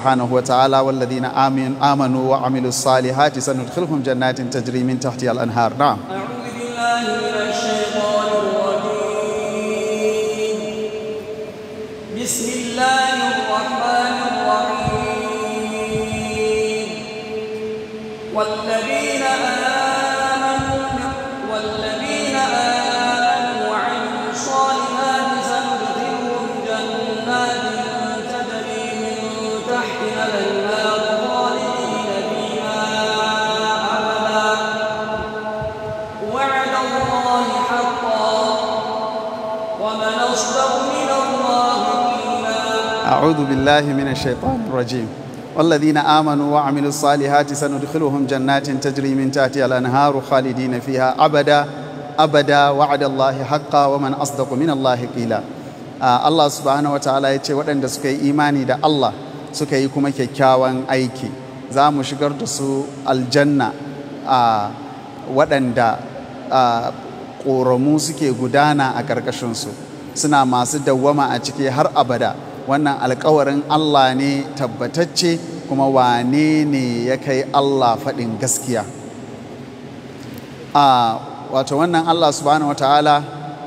سبحانه وتعالى والذين آمن آمنوا وعملوا الصالحات سندخلهم جنات تجري من تحتها الأنهار نعم أعوذ بالله من الشيطان الرجيم بسم الله الرحمن الرحيم والذين أعوذ بالله من الشيطان الرجيم والذين آمنوا وعملوا الصالحات سندخلهم جنات تجري من تحتها الأنهار خالدين فيها أبدا أبدا وعد الله حقا ومن أصدق من الله قيلا الله سبحانه وتعالى يتي ودن سكي إيماني دا الله سكي كما كيكاوان أيكي زامو شكر دسو الجنة آه ودن دا آه ƙoramu suke gudana a ƙarƙashinsu suna masu dawwama a ciki har abada wannan alkawarin Allah ne tabbatacce kuma wane ne ya kai Allah faɗin gaskiya a wato wannan Allah subhanahu wataala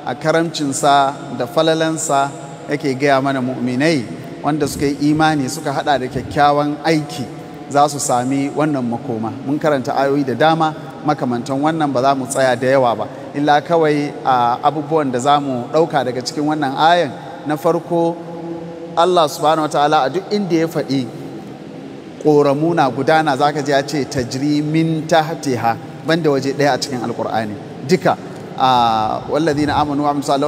a karamcinsa da falalansa yake gaya mana mu'minai wanda suka yi imani suka hada da kyakkyawan aiki za su sami wannan makoma mun karanta ayoyi da dama makamantan wannan ba za mu tsaya da yawa ba illa kawai a abubuwan da za mu ɗauka daga cikin wannan ayan na farko Allah subhanahu wataala a duk inda ya faɗi ƙoramu gudana zaka ji ya ce tajrimin tahtiha banda waje ɗaya a cikin alƙur'ani duka a والذين آمنوا وعملوا الصالحات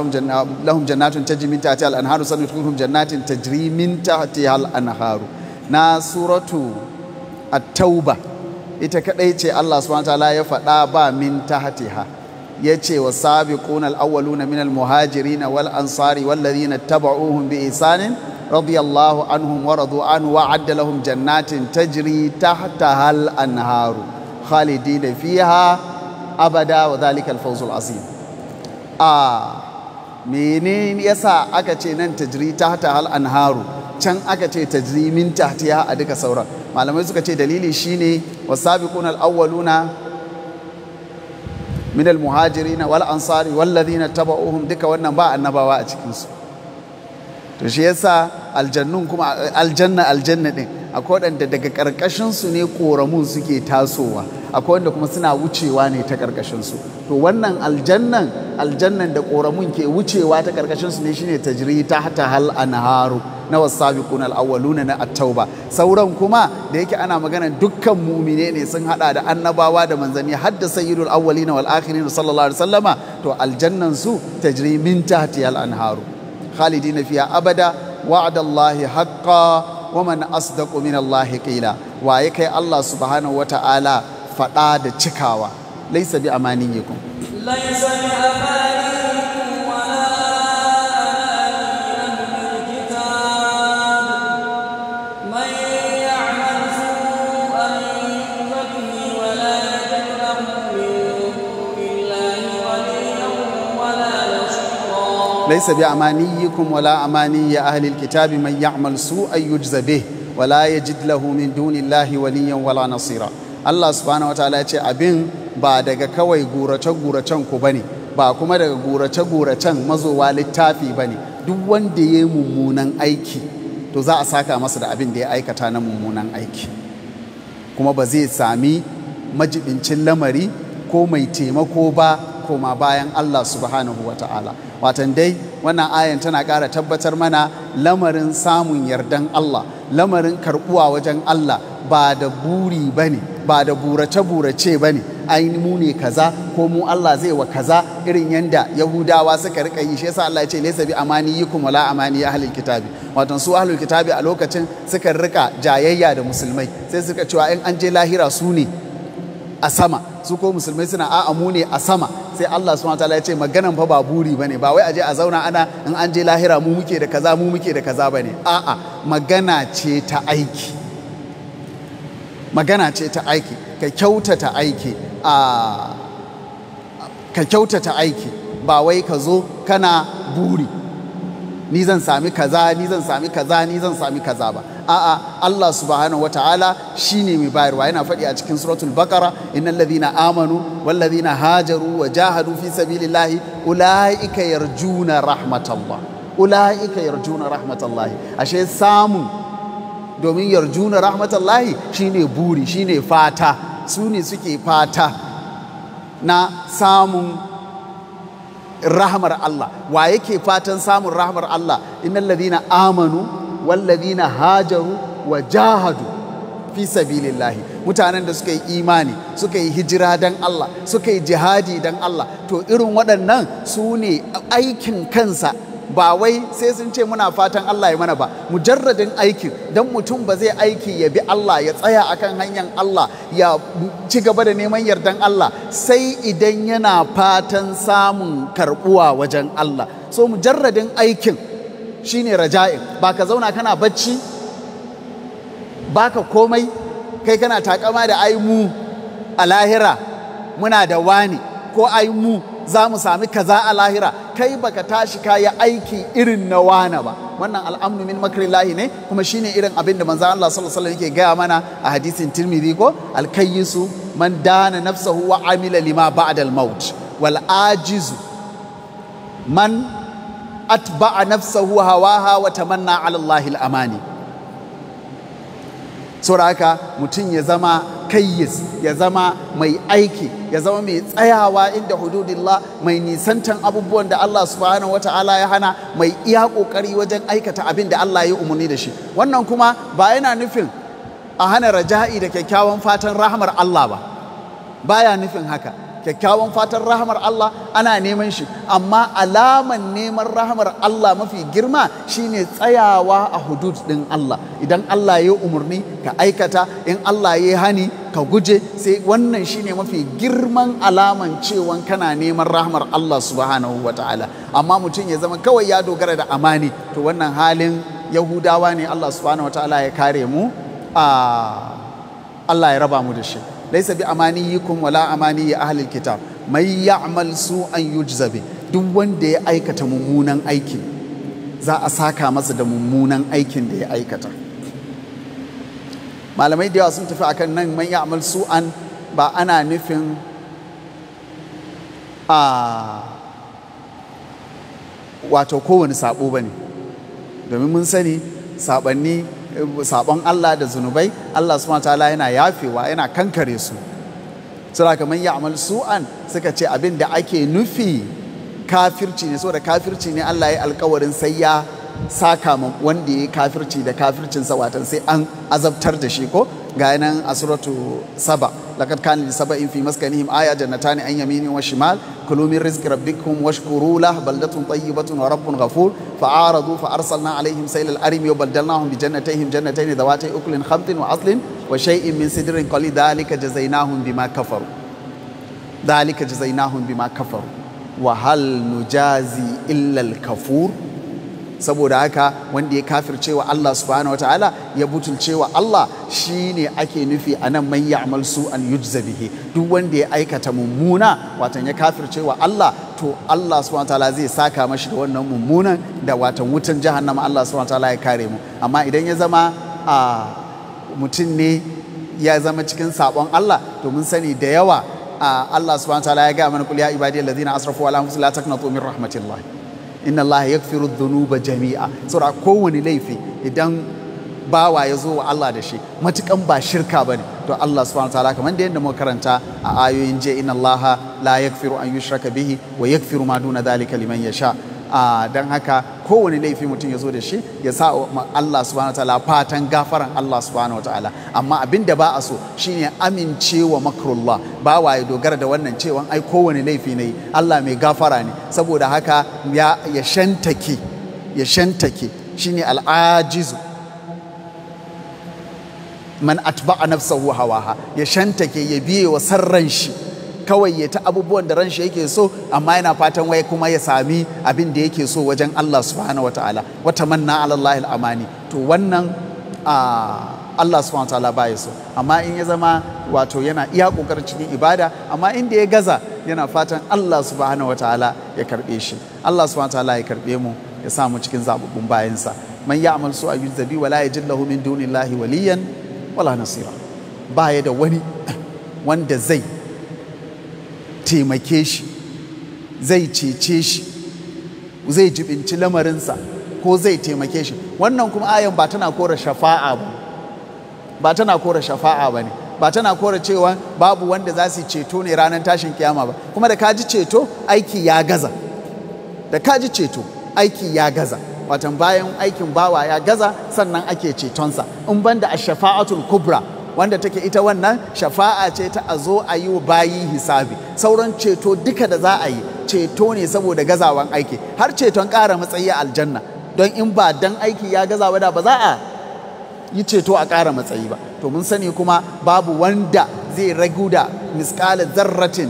لهم جنات لهم جنات تجري من تحتها الأنهار سندخلهم جنات تجري من تحتها Na suratu سورة Tauba ita kadai ce Allah subhanahu ta'ala ya faɗa ba min ta tahtiha ya ce wa sabiquna al-awwaluna min al-muhajirin wal ansari wal ladina tabauhum bi isanin رضي الله عنهم ورضوا عنه وعد لهم جنات تجري تحتها الأنهار خالدين فيها أبدا وذلك الفوز العظيم آه منين يسا أكتي نن تجري تحتها الأنهار can aka ce tajri min tahtiha a duka sauran malamai suka ce dalili shine wasabiquna al-awwaluna min al-muhajirin wal ansari wal ladina taba'uhum duka wannan ba annabawa a cikin su to shi yasa aljannun kuma aljanna aljanna din akwai waɗanda daga ƙarƙashin su ne ƙoramun suke tasowa akwai wanda kuma suna wucewa ne ta ƙarƙashinsu. to wannan aljannan aljannan da ƙoramun ke wucewa ta ƙarƙashin su ne shine tajri ta hata hal anharu na wasabiqun alawwaluna na at sauran kuma da yake ana magana dukkan mumine ne sun hada da annabawa da manzanni har da sayyidul awwalina wal akhirin sallallahu alaihi wasallama to aljannan su tajri min tahti al anharu khalidina fiya abada wa'adallahi haqqan wa man asdaqu min Allah qila waye kai Allah subhanahu wata'ala faɗa da cikawa laisabi bi amaniyikum laysa laisa bi amaniyikum wala amaniyya ahli alkitabi man ya'mal su'an yujza bih wala yajid lahu min dunillahi waliyan wala nasira Allah subhanahu wataala ya ce abin ba daga kawai gurace-guracen ku bane ba kuma daga gurace-guracen mazowa littafi bane duk wanda ya yi mummunan aiki to za a saka masa da abin da ya aikata na mummunan aiki kuma ba zai sami majibincin lamari ko mai taimako ba koma bayan Allah subhanahu wa ta'ala watan dai wannan ayan tana ƙara tabbatar mana lamarin samun yardan Allah lamarin karɓuwa wajen Allah ba da buri ba ne ba da burace-burace ba ne mu ne kaza ko mu Allah zai wa kaza irin yanda Yahudawa suka rika yi shi yasa Allah ya ce laysa bi amani amaniyikum wala amani ya halin kitabi wato su ahlul kitabi a lokacin suka rika jayayya da musulmai sai suka cewa in an je lahira su ne a sama su ko musulmai suna a'a mu ne a sama sai Allah su wataala ya ce maganan fa ba buri ba ne ba wai aje a zauna ana in an je lahira mu muke da kaza mu muke da kaza ba ne a'a magana ce ta aiki magana ce ta aiki ka kyautata aiki a ka kyautata aiki ba wai ka zo kana buri ni zan sami kaza ni zan sami kaza ni zan sami kaza ba a'a Allah subhanahu wataala ne mai bayarwa yana faɗi a cikin suratul bakara innal ladhina amanu wal ladhina hajaru wa jahadu fi sabilillahi ulaika yarjuna rahmatallah ulaika yarjuna rahmatallah ashe samu domin yarjuna rahmatallahi shine buri shine fata su ne suke fata na samun rahmar Allah wa yake fatan samun rahmar Allah innal ladina amanu na hajaru wa jahadu fi sabilillahi mutanen da suka yi imani suka yi hijira dan Allah suka yi jihadi dan Allah to irin waɗannan su ne aikin kansa ba wai sai sun ce muna fatan Allah ya mana ba mujarradin aikin don mutum ba zai aiki ya bi Allah ya tsaya akan hanyar Allah ya ci gaba da neman yardan Allah sai idan yana fatan samun karbuwa wajen Allah so mujarradin aikin shine raja'in ba ka zauna kana bacci ba ka komai kai kana takama da ai mu a lahira muna da wani ko ai mu za mu sami kaza a lahira kai baka tashi kayi aiki irin na wana ba wannan al'amnu min lahi ne kuma shine irin abin da manzon Allah sallallahu alaihi wasallam yake gaya mana a hadisin Tirmidhi ko alkayyisu man dana nafsahu wa amila lima ba'da al-maut wal ajizu man atba'a nafsahu hawaha wa tamanna ala Allahil amani saboda mutum ya zama kayyis ya zama mai aiki ya zama mai tsayawa inda hududillah mai nisantan abubuwan da Allah subhanahu wa ta'ala ya hana mai iya kokari wajen aikata abin da Allah ya umarni da shi wannan kuma ba yana nufin a hana raja'i da kyakkyawan fatan rahmar Allah ba baya nufin haka kyakkyawan fatan rahamar Allah ana neman shi amma alaman neman rahamar Allah mafi girma shine tsayawa a hudud ɗin Allah idan Allah ya umarni ka aikata in Allah ya hani ka guje sai wannan shine mafi girman alaman cewan kana neman rahmar Allah subhanahu wa ta'ala amma mutum ya zama kawai ya dogara da amani to wannan halin yahudawa ne Allah subhanahu wa ta'ala ya kare mu ah, Allah ya raba mu da shi laisa bi amaniyikum wala amaniyi ahlil kitab mai ya'mal su'an yujza duk wanda ya aikata mummunan aiki za a saka masa da mummunan aikin da ya aikata malamai da yawa sun tafi akan nan man ya'mal su'an ba ana nufin a wato kowane sabo ba ne domin mun sani sabanni sabon Allah da zunubai Allah subhanahu ta'ala yana yafewa yana kankare su suna kamar ya amal su'an suka ce abin da ake nufi kafirci ne saboda kafirci ne Allah ya alkawarin sai ya saka ma wanda ya kafirci da kafircin sa watan sai an azabtar da shi ko ga nan a saba لقد كان لسبع في مسكنهم آية جنتان أن يمين وشمال كلوا من رزق ربكم واشكروا له بلدة طيبة ورب غفور فعارضوا فأرسلنا عليهم سيل الأرم وبدلناهم بجنتيهم جنتين ذواتي أكل خمط وأصل وشيء من سدر قليل ذلك جزيناهم بما كفروا ذلك جزيناهم بما كفروا وهل نجازي إلا الكفور saboda haka wanda ya cewa Allah subhanahu ta'ala ya cewa Allah shi ne ake nufi a nan man ya'mal an yujza bihi duk wanda ya aikata mummuna watan ya cewa Allah to Allah subhanahu ta'ala zai saka mashi da wannan mummunan da watan wutan jahannama Allah subhanahu ta'ala ya kare mu amma idan ya zama a mutum ne ya zama cikin sabon Allah to mun sani da yawa Allah subhanahu ta'ala ya ga mana kul ya ladina asrafu ala anfusihim la taqnatu min rahmatillah inna Allah ya firu dhunuba jami'a saboda kowane laifi idan bawa ya zo wa Allah da shi matukan ba shirka ba ne to Allah subhanahu wataala kamar da yadda muka karanta a ayoyin je inna Allah la yakfiru an yushraka bihi wa yakfiru ma duna dhalika liman yasha don haka kowane laifi mutum ya zo da shi ya sa Allah subhanahu wataala fatan gafaran Allah subhanahu wataala amma abin da ba a so shine amincewa makrullah ba wa ya dogara da wannan cewa ai kowane laifi ne Allah mai gafara ne saboda haka ya ya shantake ya shantake shine al'ajizu man atba'a nafsahu hawaha ya shantake ya biye wa sarran shi kawai ya ta abubuwan da ran shi yake so amma yana fatan wai kuma ya sami abin da yake so wajen Allah subhanahu wataala wata manna alallahi al'amani to wannan Allah subhanahu wataala ba ya so amma in ya zama wato yana iya kokarin cikin ibada amma inda ya gaza yana fatan Allah subhanahu wataala ya karbe shi Allah subhanahu wataala ya karbe mu ya sa mu cikin zabubbun bayansa man ya'mal su'a zabi wala yajid lahu min dunillahi waliyan wala nasira baya da wani wanda zai taimake shi zai cece shi zai jibinci lamarinsa ko zai taimake shi wannan kuma ayan ba tana kora shafa'a ba ba tana kora shafa'a ba ne ba tana kora cewa babu wanda za su ceto ne ranar tashin kiyama ba kuma da kaji ceto aiki ya gaza da kaji ceto aiki ya gaza watan bayan aikin bawa ya gaza sannan ake cetonsa in banda a shafa'atul kubra wanda take ita wannan shafa'a ce ta a zo a yi wa bayi hisabi sauran ceto duka da za a yi ceto ne saboda gazawan aiki har ceton ƙara matsayi a aljanna don in ba dan aiki ya gaza da ba za a yi ceto a ƙara matsayi ba to mun sani kuma babu wanda zai ragu da misƙalar zarratin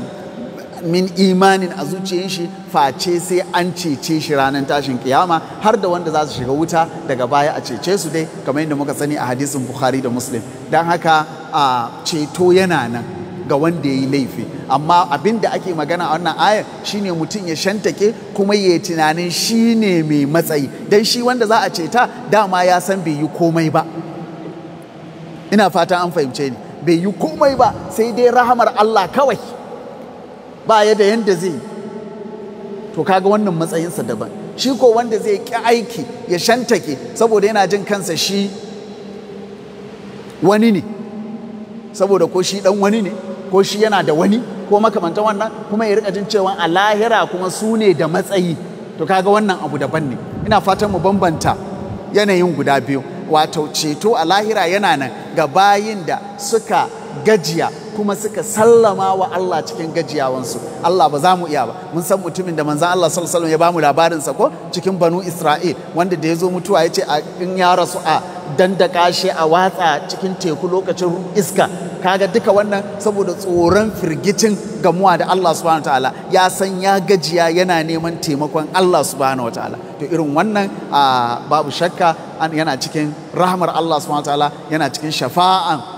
min imanin a zuciyar shi face sai an cece shi ranar tashin kiyama har da wanda za su shiga wuta daga baya a cece su dai kamar yadda muka sani a hadisin bukhari da muslim don haka a ceto yana nan ga wanda ya yi laifi amma abin da ake magana a wannan ayar shine mutum ya shantake kuma ya tunanin shine mai matsayi don shi wanda za a ceta dama ya san bai yi komai ba ina fata an fahimce ni bai yi komai ba sai dai rahamar allah kawai ba ya da yadda zai to kaga wannan matsayinsa daban shi ko wanda zai ki aiki ya shantake saboda yana jin kansa shi wani ne saboda ko shi dan wani ne ko shi yana da wani ko makamantan wannan kuma ya rika jin cewa a lahira kuma su ne da matsayi to kaga wannan abu daban ne ina fatan mu bambanta yanayin guda biyu wato ceto a lahira yana nan ga bayin da suka gajiya kuma suka sallama wa Allah cikin gajiyawansu Allah ba za mu iya ba mun san mutumin da manzan Allah sallallahu ya ba mu labarin sa ko cikin banu Isra'il wanda da ya zo mutuwa ya ce in ya rasu a dandaka shi a watsa cikin teku lokacin iska kaga duka wannan saboda tsoron firgicin gamuwa da Allah subhanahu wataala ya san ya gajiya yana neman taimakon Allah subhanahu wataala to irin wannan babu shakka yana cikin rahmar Allah subhanahu wataala yana cikin shafa'an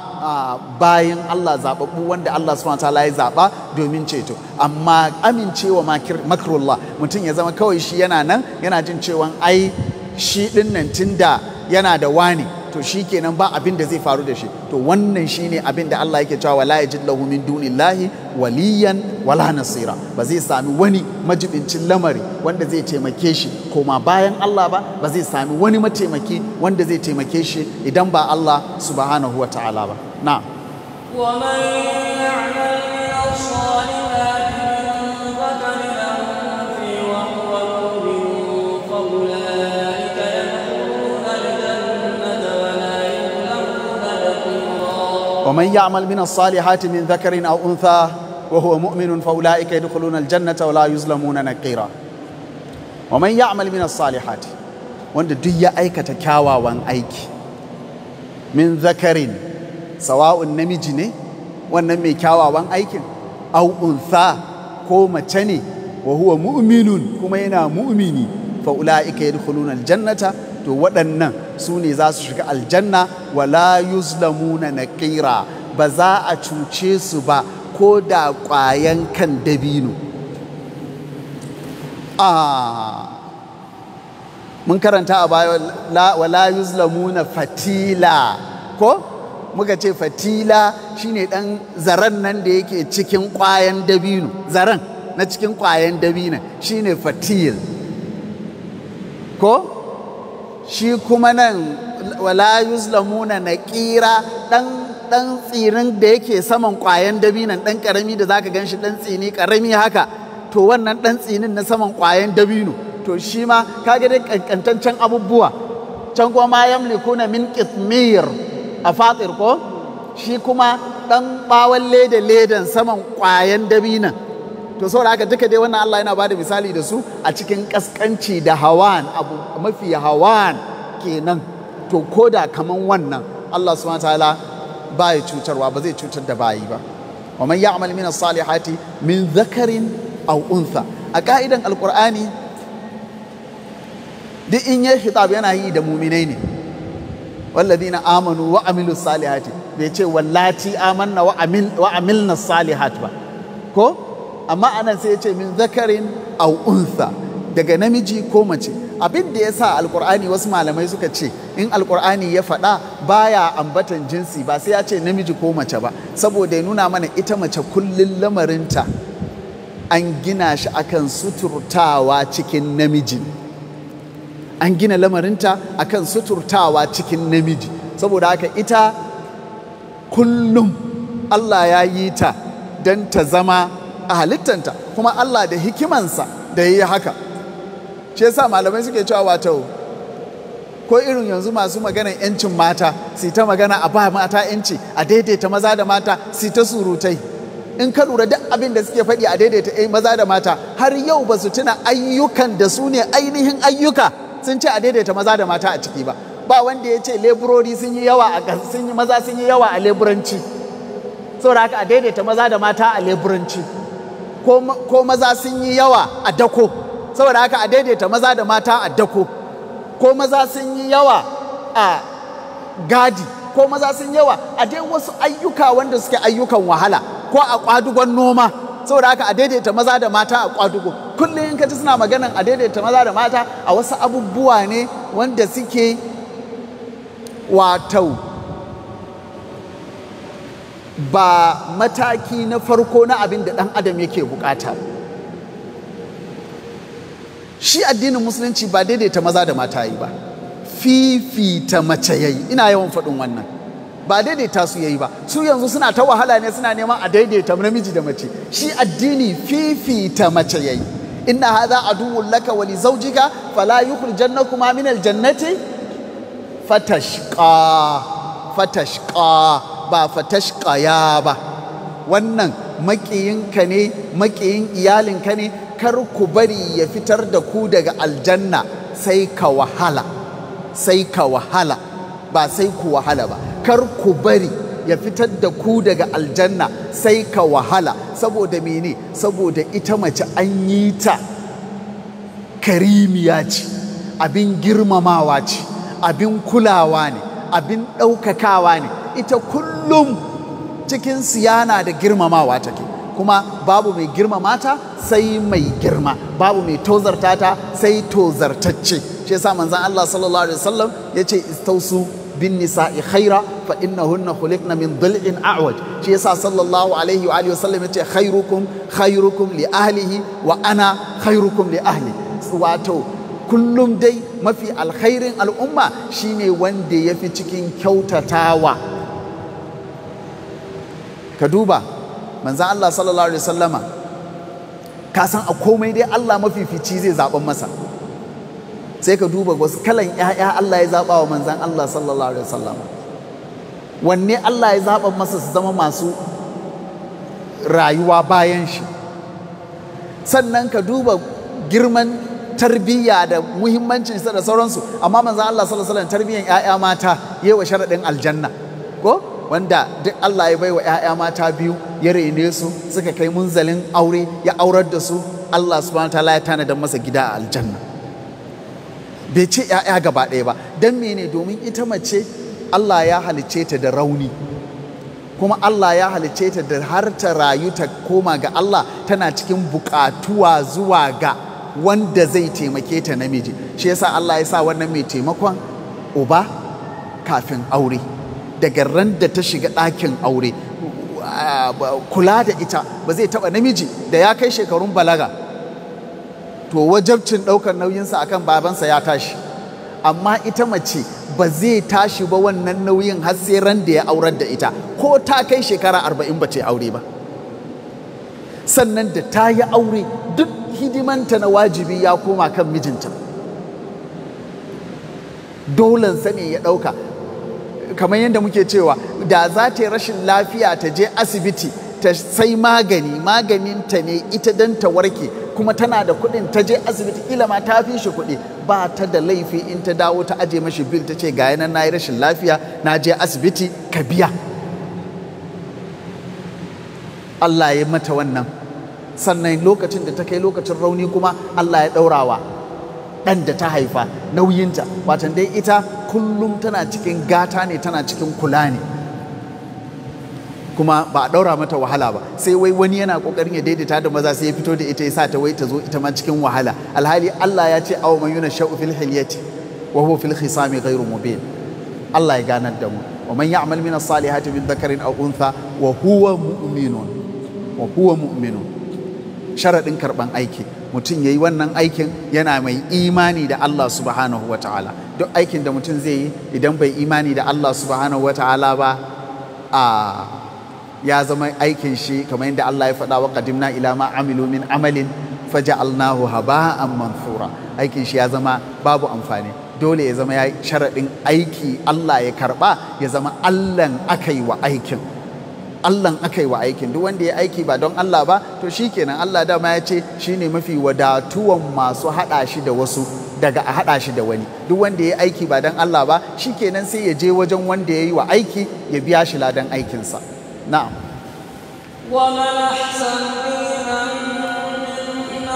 bayan Allah zaɓaɓɓu wanda Allah subhanahu ta'ala ya zaɓa domin ceto amma amincewa Makarulla, mutum ya zama kawai shi yana nan yana jin cewa ai shi ɗin nan tun da yana da wani to shi kenan ba abin da zai faru da shi to wannan shi ne abin da Allah yake cewa la yajid lahu min dunillahi waliyan wala nasira ba zai sami wani majibincin lamari wanda zai taimake shi koma bayan Allah ba ba zai sami wani mataimaki wanda zai taimake shi idan ba Allah subhanahu wa ta'ala ba نعم ومن يعمل من الصالحات من ذكر أو أنثى وهو مؤمن فأولئك يدخلون الجنة ولا يظلمون نقيرا ومن يعمل من الصالحات وند دي ايكتا كاوا وان ايكي من ذكرين sawa'un namiji ne wannan mai kyawawan aikin au untha ko mace ne wa huwa mu'minun kuma yana mu'mini fa ulaika yadkhuluna aljannata to waɗannan su ne za su shiga aljanna wala yuzlamuna naqira ba za a cuce su ba ko da ƙwayan kan dabino mun karanta a baya wala yuzlamuna fatila ko muka ce fatila shine dan zaren nan da yake cikin kwayan dabino zaren na cikin kwayan dabino shine fatil ko shi kuma nan wala yuzlamuna kira dan dan tsirin da yake saman kwayan dabino dan karami da zaka ganshi dan tsini karami haka to wannan dan tsinin na saman kwayan dabino to shi ma kaga dai kankantaccen abubuwa can kuma ma yamlikuna min qitmir a fatsir ko shi kuma ɗan ɓawon leda ledan saman ƙwayan dabinan to saboda haka duka dai wannan Allah yana bada misali da su a cikin kaskanci da hawan abu mafi hawan kenan to ko da kaman wannan Allah subhanahu ta'ala ba ya cutarwa ba zai cutar da bayi ba wa man ya'mal min as-salihati min dhakarin aw a ka'idan alqur'ani duk in ya hitab yana yi da muminai ne na amanu wa amilu salihati bai ce wallati amanna wa amil wa amilna salihat ba ko amma anan sai ya ce min zakarin aw untha daga namiji ko mace abin da ya sa alkur'ani wasu malamai suka ce in alkur'ani ya faɗa baya ambatan jinsi ba sai ya ce namiji ko mace ba saboda ya nuna mana ita mace kullum lamarinta an gina shi akan suturtawa cikin namiji an gina lamarinta akan suturtawa cikin namiji saboda haka ita kullum Allah ya yi ta don ta zama a halittanta kuma Allah da hikimansa da ya yi haka ce yasa malamai suke cewa wato ko irin yanzu masu magana yancin mata su ta magana a ba mata yanci a daidaita maza da mata su ta surutai in ka lura duk abin da suke faɗi a daidaita eh, maza da mata har yau ba su tuna ayyukan da su ne ainihin ayyuka sun ce a daidaita maza da mata a ciki ba ba wanda ya ce leburori sun yi yawa a sun yi maza sun yi yawa a leburanci saboda haka a daidaita maza da mata a leburanci ko maza sun yi yawa a dako saboda haka a daidaita maza da mata a dako ko maza sun yi yawa a gadi ko maza sun yawa a dai wasu ayyuka wanda suke ayyukan wahala ko a kwadugon noma saboda haka a daidaita maza da mata a kwadugo kullum in ka suna magana a daidaita maza da mata a wasu abubuwa ne wanda suke watau ba mataki na farko na abin da ɗan adam yake bukata shi addinin musulunci ba daidaita maza da mata yi ba fifita mace yayi ina yawan faɗin wannan ba daidaita su yayi ba su yanzu suna ta wahala ne suna neman a daidaita namiji da mace shi addini fifita mace yayi inna hadha aduwwun laka wa li zawjika fala yukhrijannakuma min aljannati fatashqa fatashqa ba ya ba wannan makiyinka ne makiyin iyalinka ne kar ku bari ya fitar da ku daga aljanna sai ka wahala sai ka wahala ba sai ku wahala ba kar ku bari ya fitar da ku daga aljanna sai ka wahala saboda mene saboda ita mace an yi ta karimiya ce abin girmamawa ce abin kulawa ne abin ɗaukakawa ne ita kullum cikin siyana da girmamawa take kuma babu mai girmama ta sai mai girma babu mai tozarta ta sai tozartacce shi yasa manzon Allah sallallahu alaihi wasallam yace istausu bin nisa'i khaira fa innahunna khuliqna min dhil'in a'waj shi yasa sallallahu alaihi wa alihi wasallam yace khairukum khairukum li ahlihi wa ana khairukum li ahli wato kullum dai mafi alkhairin al'umma shine wanda yafi cikin kyautatawa ka duba manzan Allah sallallahu alaihi wasallama ka san a komai dai Allah mafifici zai zaben masa sai ka duba wasu kalan ‘ya'ya Allah ya zaɓa wa manzan Allah sallallahu alaihi wasallam wanne Allah ya zaɓa masa su zama masu rayuwa bayan shi sannan ka duba girman tarbiyya da muhimmancin da sauransu amma manzan Allah sallallahu alaihi wasallam tarbiyyan ‘ya'ya mata yi wa sharaɗin aljanna ko wanda duk Allah ya bai wa ‘ya'ya mata biyu ya rene su suka kai munzalin aure ya aurar da su Allah subhanahu wa ta'ala ya tanada masa gida a aljanna bai ce 'ya'ya gaba ɗaya ba don mene domin ita mace Allah ya halice ta da rauni kuma Allah ya halice ta da har ta rayu ta koma ga Allah tana cikin buƙatuwa zuwa ga wanda zai taimake ta namiji shi yasa Allah ya sa wannan mai taimakon uba kafin aure daga ran da ta shiga ɗakin aure kula da ita ba zai taɓa namiji da ya kai shekarun balaga to wajabcin ɗaukar nauyinsa akan babansa ya tashi amma ita mace ba zai tashi ba wannan nauyin har da ya aurar da ita ko ta kai shekara arba'in ba ce aure ba sannan da ta yi aure duk hidimanta na wajibi ya koma kan mijinta dolan ne ya ɗauka kamar yadda muke cewa da za ta yi rashin lafiya ta je asibiti ta sai magani maganinta ne ita don ta warke kuma tana da kuɗin ta je asibiti ma ta fi shi kuɗi ba ta da laifi in ta dawo ta aje mashi bil ta ce gaya nan na yi rashin lafiya na je asibiti ka biya Allah ya mata wannan sannan lokacin da ta kai lokacin rauni kuma Allah ya ɗaurawa ɗan da ta haifa nauyinta watan dai ita kullum tana cikin gata ne tana cikin kula ne kuma ba a ɗaura mata wahala ba sai wai wani yana ƙoƙarin ya daidaita da maza sai ya fito da ita ya sa ta wai ta zo ita ma cikin wahala alhali Allah ya ce aw man yuna sha'u fil hilyati wa huwa fil khisami ghairu mubin Allah ya ganar da mu wa man ya'mal min as-salihati min dhakarin aw untha wa huwa mu'minun wa huwa mu'minun sharadin karban aiki mutum yayi wannan aikin yana mai imani da Allah subhanahu wa ta'ala duk aikin da mutum zai yi idan bai imani da Allah subhanahu wa ta'ala ba a ya zama aikin shi kamar yadda Allah ya faɗa wa qadimna ila ma amilu min amalin faja'alnahu haba'an mansura aikin shi ya zama babu amfani dole ya zama ya sharaɗin aiki Allah ya karɓa ya zama Allahn aka yi wa aikin Allahn aka yi wa aikin duk wanda ya aiki ba don Allah ba to shikenan Allah dama ya ce shine mafi wadatuwan masu haɗa shi da wasu daga a haɗa shi da wani duk wanda ya aiki ba don Allah ba shikenan sai ya je wajen wanda ya yi wa aiki ya biya shi ladan aikinsa. نعم ومن أحسن دينا ممن أسلم وجهه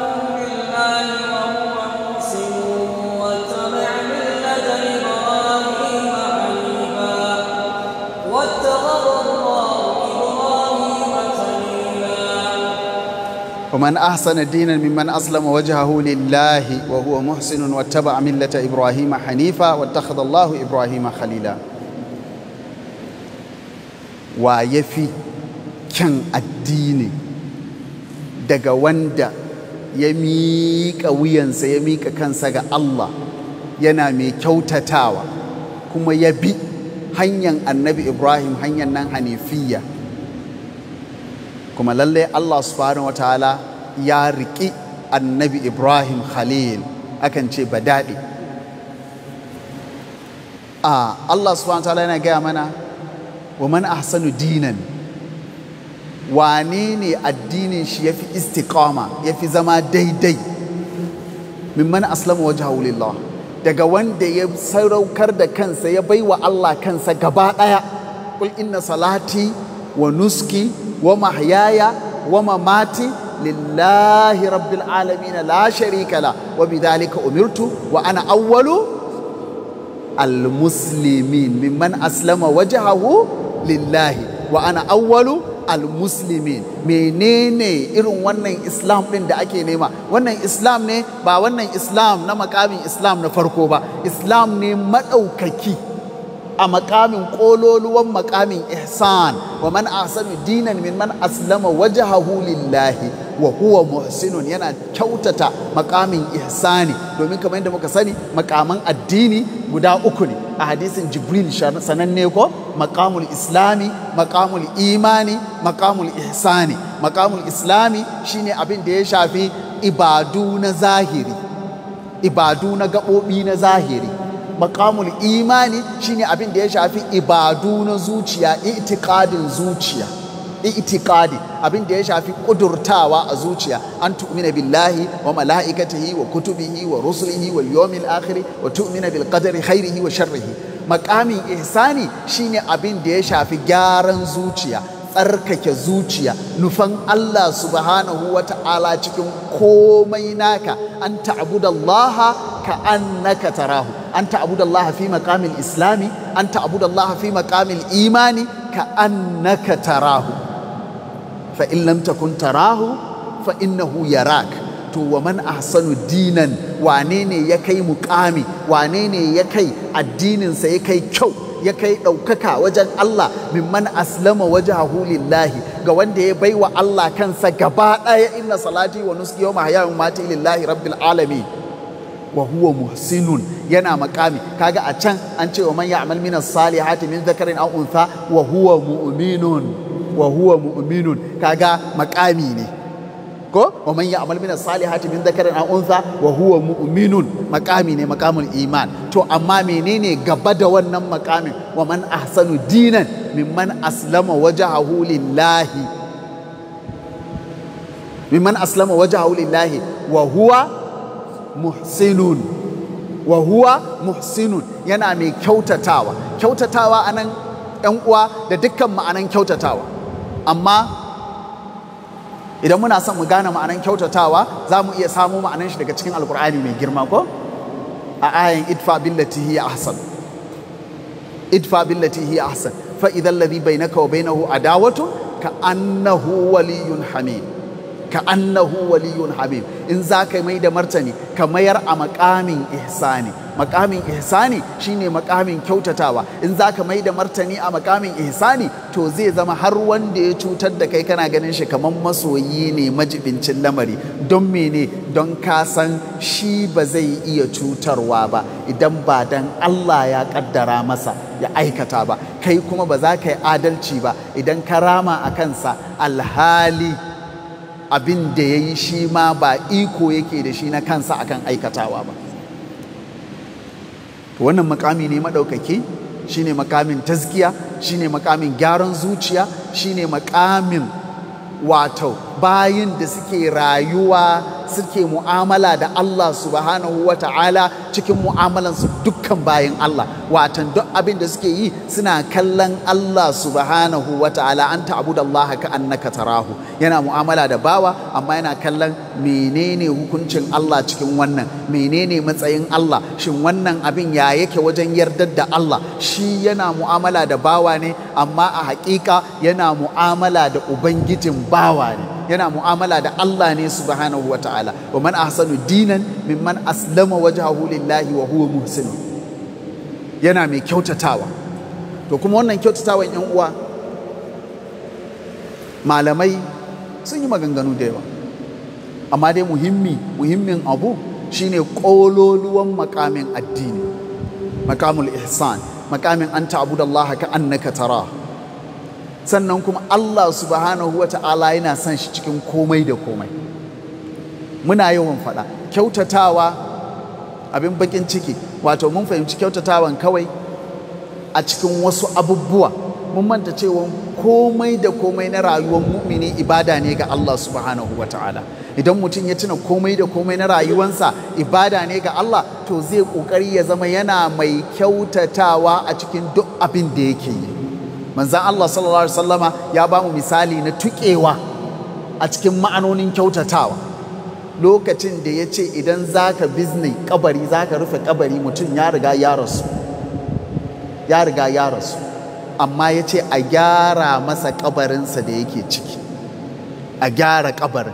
لله وهو محسن واتبع ملة إبراهيم حنيفا واتخذ الله إبراهيم خليلا ومن أحسن دينا ممن أسلم وجهه لله وهو محسن واتبع ملة إبراهيم حنيفا واتخذ الله إبراهيم خليلا wa ya fi kyan addini daga wanda ya miƙa wuyansa ya miƙa kansa ga Allah yana mai kyautatawa kuma ya bi hanyar annabi Ibrahim hanyar nan hanifiya kuma lallai Allah subhanahu wataala ya riƙi annabi Ibrahim Khalil akan ce ba daɗi. Ah, Allah subhanahu wataala yana gaya mana wa man ahsanu dinan wane ne addinin shi ya fi istiqama ya fi zama daidai mimman aslama wajahu lillah daga wanda ya saraukar da kansa ya baiwa Allah kansa gaba ɗaya kul inna salati wa nuski wa mahyaya wa mamati lillahi rabbil alamin la sharika la wa bidhalika umirtu wa ana awwalu al muslimin mimman aslama wajahu lillahi wa ana awwalu almuslimin menene irin wannan islam din da ake nema wannan islam ne ba wannan islam na makamin islam na farko ba islam ne maɗaukaki a makamin ƙololuwan makamin ihsan wa man ahsanu dinan min man aslama wajhahu lillahi wa huwa muhsinun yana kyautata makamin ihsani domin kamar yadda muka sani makaman addini guda uku ne a hadisin jibril sananne ko makamul islami makamul imani makamul ihsani makamul islami shine abin da ya shafi ibadu na zahiri ibadu na gaɓoɓi na zahiri makamul imani shine abin da ya shafi ibadu na zuciya itikadin zuciya itikadi abin da ya shafi kudurtawa a zuciya an tu'mina billahi wa mala'ikatihi wa kutubihi wa rusulihi wa yawmil akhir wa tu'mina bil qadari khairihi wa sharrihi makamin ihsani shine abin da ya shafi gyaran zuciya tsarkake zuciya nufan Allah subhanahu wa ta'ala cikin komai naka an ta'budallaha ka annaka tarahu an ta'budallaha fi maqamil islami an ta'budallaha fi maqamil imani ka annaka tarahu fa in lam takun tarahu fa innahu yarak to wa man ahsanu dinan wane ne ya kai muƙami wane ne ya kai addininsa ya kai kyau ya kai ɗaukaka wajen Allah mimman aslama wajahu lillahi ga wanda ya baiwa Allah kansa gaba ɗaya inna salati wa nuski wa mahaya wa mati lillahi rabbil alami wa huwa muhsinun yana makami kaga a can an ce wa man ya'mal minas salihati min dhakarin aw untha wa huwa mu'minun wa huwa mu'minun kaga makami ne ko wa man ya'mal min salihati min dhakarin aw untha wa huwa mu'minun makami ne makamul iman to amma menene gaba da wannan makamin wa man ahsanu dinan mimman aslama wajhahu lillahi mimman aslama wajhahu lillahi wa huwa muhsinun wa huwa muhsinun yana mai kyautatawa kyautatawa anan yan uwa da dukkan ma'anan kyautatawa amma idan muna son mu gane ma'anan kyautatawa za mu iya samu ma'anan shi daga cikin alkur'ani mai girma ko a ayan idfa billati hiya ahsan idfa billati hiya ahsan fa idan ladhi bainaka wa bainahu adawatu ka annahu waliyun hamid ka annahu waliyun habib in za ka mai da martani ka mayar a makamin ihsani makamin ihsani shine makamin kyautatawa in zaka mai da martani a makamin ihsani to zai zama har wanda ya cutar da kai kana ganin shi kamar masoyi ne majibincin lamari don mene don ka san shi ba zai iya cutarwa ba idan ba dan Allah ya kaddara masa ya aikata ba kai kuma ba za ka yi adalci ba idan ka rama a kansa alhali abin da ya yi shi ma ba iko yake da shi na kansa akan aikatawa ba wannan makami ne maɗaukaki ne makamin Shi ne makamin gyaran zuciya Shi ne makamin wato bayin da suke rayuwa suke mu'amala da Allah subhanahu wa ta'ala cikin mu'amalansu dukkan bayan Allah watan duk abin da suke yi suna kallon Allah subhanahu wa ta'ala an da Allah ka annaka tarahu yana mu'amala da bawa amma yana kallon menene hukuncin Allah cikin wannan menene matsayin Allah shin wannan abin ya yake wajen yardar da Allah shi yana mu'amala da bawa ne amma a haƙiƙa yana mu'amala da ubangijin bawa ne yana mu'amala da Allah ne subhanahu wa ta'ala wa man ahsanu dinan mimman aslama wajhahu lillahi wa huwa muhsin yana mai kyautatawa to kuma wannan kyautatawan yan uwa malamai sun yi maganganu da yawa amma dai muhimmi muhimmin abu shine kololuwan makamin addini makamul ihsan makamin an ta'budallaha ka annaka tara sannan kuma Allah subhanahu wa ta'ala yana son shi cikin komai da komai muna yawan faɗa kyautatawa abin bakin ciki wato mun fahimci kyautatawan kawai a cikin wasu abubuwa mun manta cewa komai da komai na rayuwar mu'mini ibada ne ga Allah subhanahu wa ta'ala idan mutum ya tuna komai da komai na rayuwansa ibada ne ga Allah to zai ƙoƙari ya zama yana mai kyautatawa a cikin duk abin da yake yi manzan Allah sallallahu alaihi wasallama ya ba mu misali na tuƙewa a cikin ma'anonin kyautatawa lokacin da ya ce idan za ka bizni kabari za ka rufe kabari mutum ya riga ya rasu ya riga ya rasu amma ya ce a gyara masa kabarinsa da yake ciki a gyara kabarin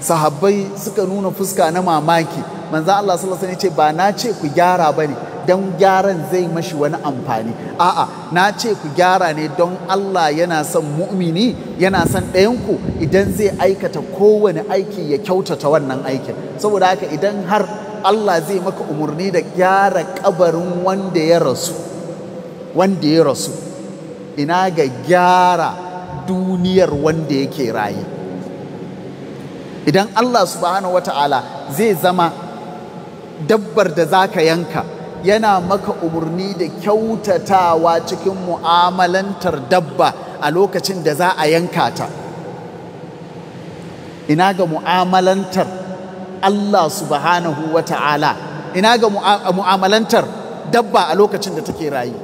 sahabbai suka nuna fuska na mamaki manzan Allah sallallahu alaihi wasallama ya ce ba na ce ku gyara bane don gyaran zai mashi wani amfani a'a na ce ku gyara ne don Allah yana son mu'mini yana son ɗayanku idan zai aikata kowane aiki ya kyautata wannan aikin saboda haka idan har Allah zai maka umarni da gyara kabarin wanda ya rasu wanda ya rasu ina ga gyara duniyar wanda yake raye idan Allah subhanahu wata'ala zai zama dabbar da zaka ka yanka yana maka umarni da kyautatawa cikin mu'amalantar dabba a lokacin da za a yanka ta ina ga mu'amalantar Allah subhanahu wa ta'ala ina ga mu'amalantar dabba a lokacin da take rayu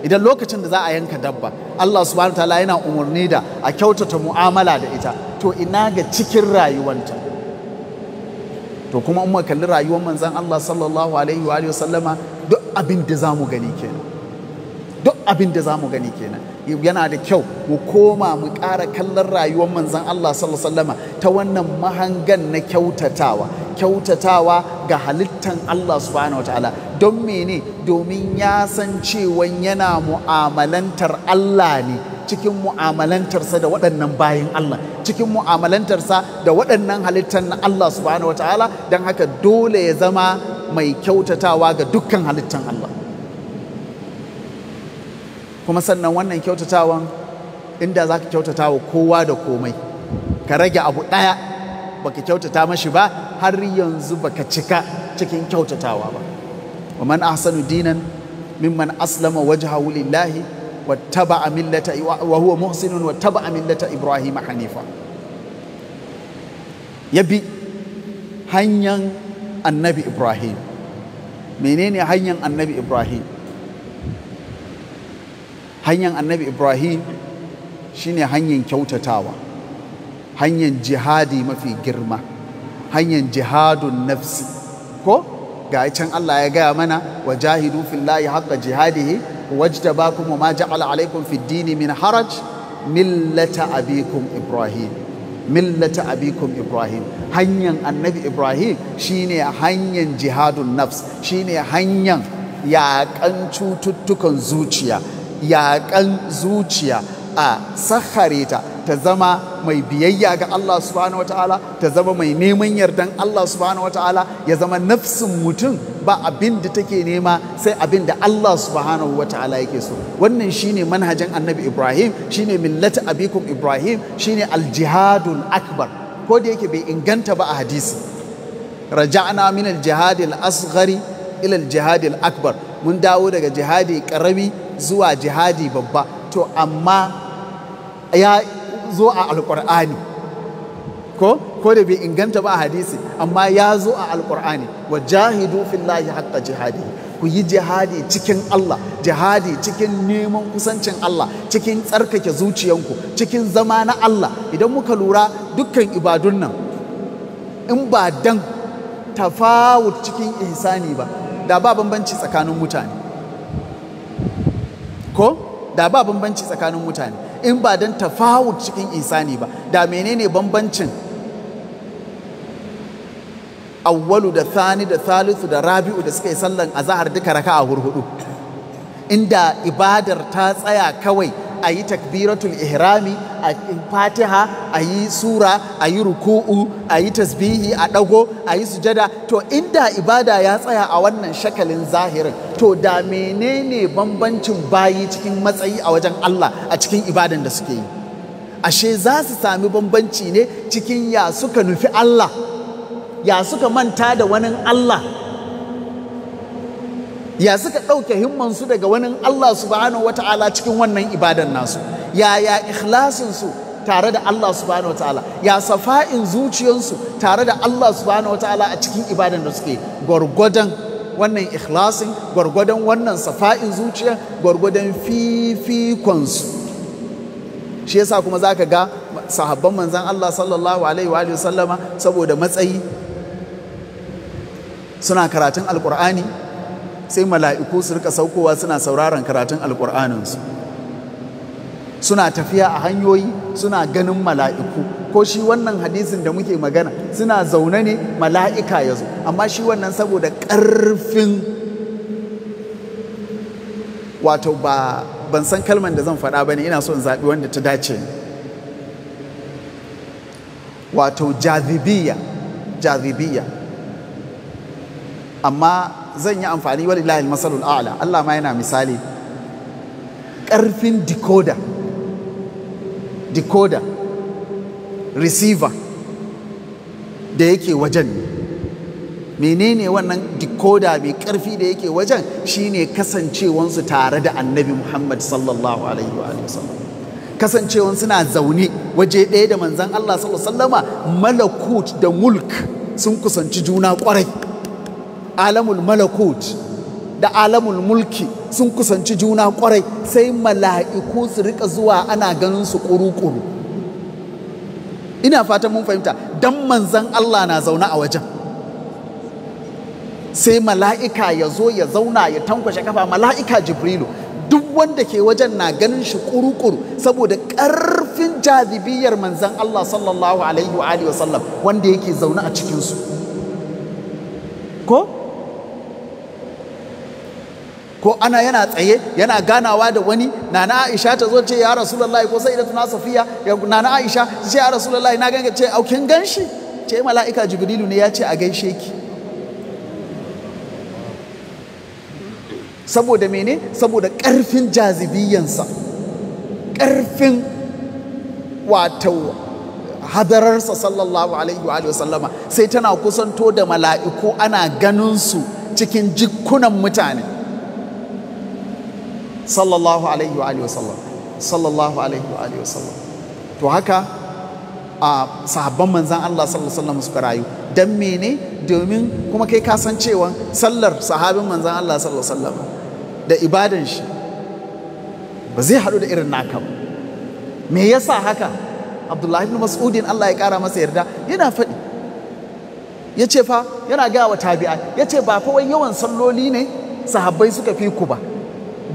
idan lokacin da za a yanka dabba Allah subhanahu wa ta'ala yana umarni da a kyautata mu'amala da ita to ina ga cikin rayuwanta to kuma in kalli rayuwar manzan Allah sallallahu alaihi wa sallama duk abin da za mu gani kenan duk abin da za mu gani kenan yana da kyau mu koma mu ƙara kallon rayuwar manzan Allah sallallahu sallama ta wannan mahangan na kyautatawa kyautatawa ga halittan Allah subhanahu wataala don mene domin ya san cewa yana mu'amalantar Allah ne cikin mu'amalantarsa da waɗannan bayan Allah cikin mu'amalantarsa da waɗannan halittar na Allah subhanahu wataala don haka dole ya zama mai kyautatawa ga dukkan halittar Allah kuma sannan wannan kyautatawan inda za ka kyautata wa kowa da komai ka rage abu ɗaya ba ka kyautata mashi ba har yanzu ba ka cika cikin kyautatawa ba wa man ahsanu dinan mimman aslama wajhahu lillahi wattaba'a millata wa huwa muhsinun wattaba'a millata ibrahima hanifa ya bi hanyar annabi ibrahim menene hanyar annabi ibrahim hanyar annabi ibrahim shine hanyar kyautatawa hanyar jihadi mafi girma hanyar jihadun nafsi ko ga can allah ya gaya mana wa jahidu fillahi haqqa jihadihi wajtabakum wa ma ja'ala alaikum fid dini min haraj millata abikum ibrahim millata abikum ibrahim hanyar annabi ibrahim shine hanyar jihadun nafs shine hanyar yaƙan cututtukan zuciya yaƙan zuciya a sakareta. ta ta zama mai biyayya ga Allah subhanahu wataala ta zama mai neman yardan Allah subhanahu wataala ya zama nafsin mutum ba abin da take nema sai abin da Allah subhanahu wataala yake so wannan shine manhajan annabi Ibrahim shine millata abikum Ibrahim shine aljihadul akbar ko da yake bai inganta ba a hadisi raja'na min aljihadil asghari ila aljihadil akbar mun dawo daga jihadi karami zuwa jihadi babba to amma ya zo a alkur'ani ko ko da bai inganta ba a hadisi amma ya zo a alkur'ani wa jahidu fillahi haqqa jihadi ku yi jihadi cikin Allah jihadi cikin neman kusancin Allah cikin tsarkake zuciyanku cikin zama na Allah idan muka lura dukkan ibadun nan in ba dan tafawut cikin ihsani ba da ba bambanci tsakanin mutane ko da ba bambanci tsakanin mutane in ba don tafawut cikin isani ba da menene bambancin awwalu da thani da thalithu da rabi'u da suka yi sallan azahar duka raka'a hurhudu inda ibadar ta tsaya kawai Ayi takbiratul ihrami a fatiha a yi sura a yi ruku'u a yi tasbihi a ɗago a yi sujada to inda ibada ya tsaya a wannan shakalin zahirin to da menene bambancin bayi cikin matsayi a wajen Allah a cikin ibadan da suke yi ashe za su sami bambanci ne cikin ya suka nufi Allah ya suka manta da wani Allah ya suka ɗauke himmansu daga wani Allah subhanahu wa ta'ala cikin wannan ibadan nasu yaya ikhlasinsu tare da Allah subhanahu wa ta'ala ya safa'in zuciyarsu tare da Allah subhanahu wa ta'ala a cikin ibadan da suke gwargwadon wannan ikhlasin gwargwadon wannan safa'in zuciya gwargwadon fifikonsu shi yasa kuma zaka ga sahabban manzan Allah sallallahu alaihi wa sallama saboda matsayi suna karatun alkur'ani sai mala'iku su rika saukowa suna sauraron karatun alƙur'aninsu suna tafiya a hanyoyi suna ganin mala'iku ko shi wannan hadisin da muke magana suna zaune ne mala'ika ya zo amma shi wannan saboda ƙarfin wato ba ban san kalman da zan faɗa ba ne ina so in zaɓi wanda ta dace wato jazibiya jazibiya amma zan yi amfani walillahi masalul a'la Allah ma yana misali ƙarfin decoder decoder receiver da yake wajen menene wannan decoder mai ƙarfi da yake wajen shine kasancewansu tare da annabi Muhammad sallallahu alaihi wa sallam kasancewan suna zaune waje ɗaya da manzan Allah sallallahu alaihi wa sallama malakut da mulk sun kusanci juna ƙwarai alamul malakut da alamul mulki sun kusanci juna kwarai sai mala'iku su rika zuwa ana ganin su kuru-kuru ina fata mun fahimta don manzan Allah na zaune a wajen sai mala'ika ya zo ya zauna ya tankwashe kafa mala'ika jibrilu duk wanda ke wajen na ganin shi kuru-kuru saboda karfin jazibiyar manzan Allah sallallahu alaihi wa sallam wanda yake zaune a cikinsu ko ko ana yana tsaye yana ganawa da wani nana Aisha ta zo ce ya Rasulullahi ko sai da tuna Safiya nana Aisha ta ce ya Rasulullahi na ganga ce aukin ganshi ce mala'ika Jibrilu ne ya ce a gaishe ki saboda mene saboda ƙarfin jazibiyansa ƙarfin wato hadararsa sallallahu alaihi wa sallama sai tana kusanto da mala'iku ana ganin su cikin jikunan mutane sallallahu alaihi wa sallam sallallahu alaihi wa sallam to haka a sahabban manzan Allah sallallahu alaihi wasallam suka rayu dan mene domin kuma kai ka san cewa sallar sahabin manzan Allah sallallahu alaihi wasallam da ibadan shi ba zai haɗu da irin naka ba me yasa haka Abdullahi ibn Mas'udin Allah ya kara masa yarda yana faɗi yace fa yana ga wa tabi'a yace ba fa wai yawan salloli ne sahabbai suka fi ku ba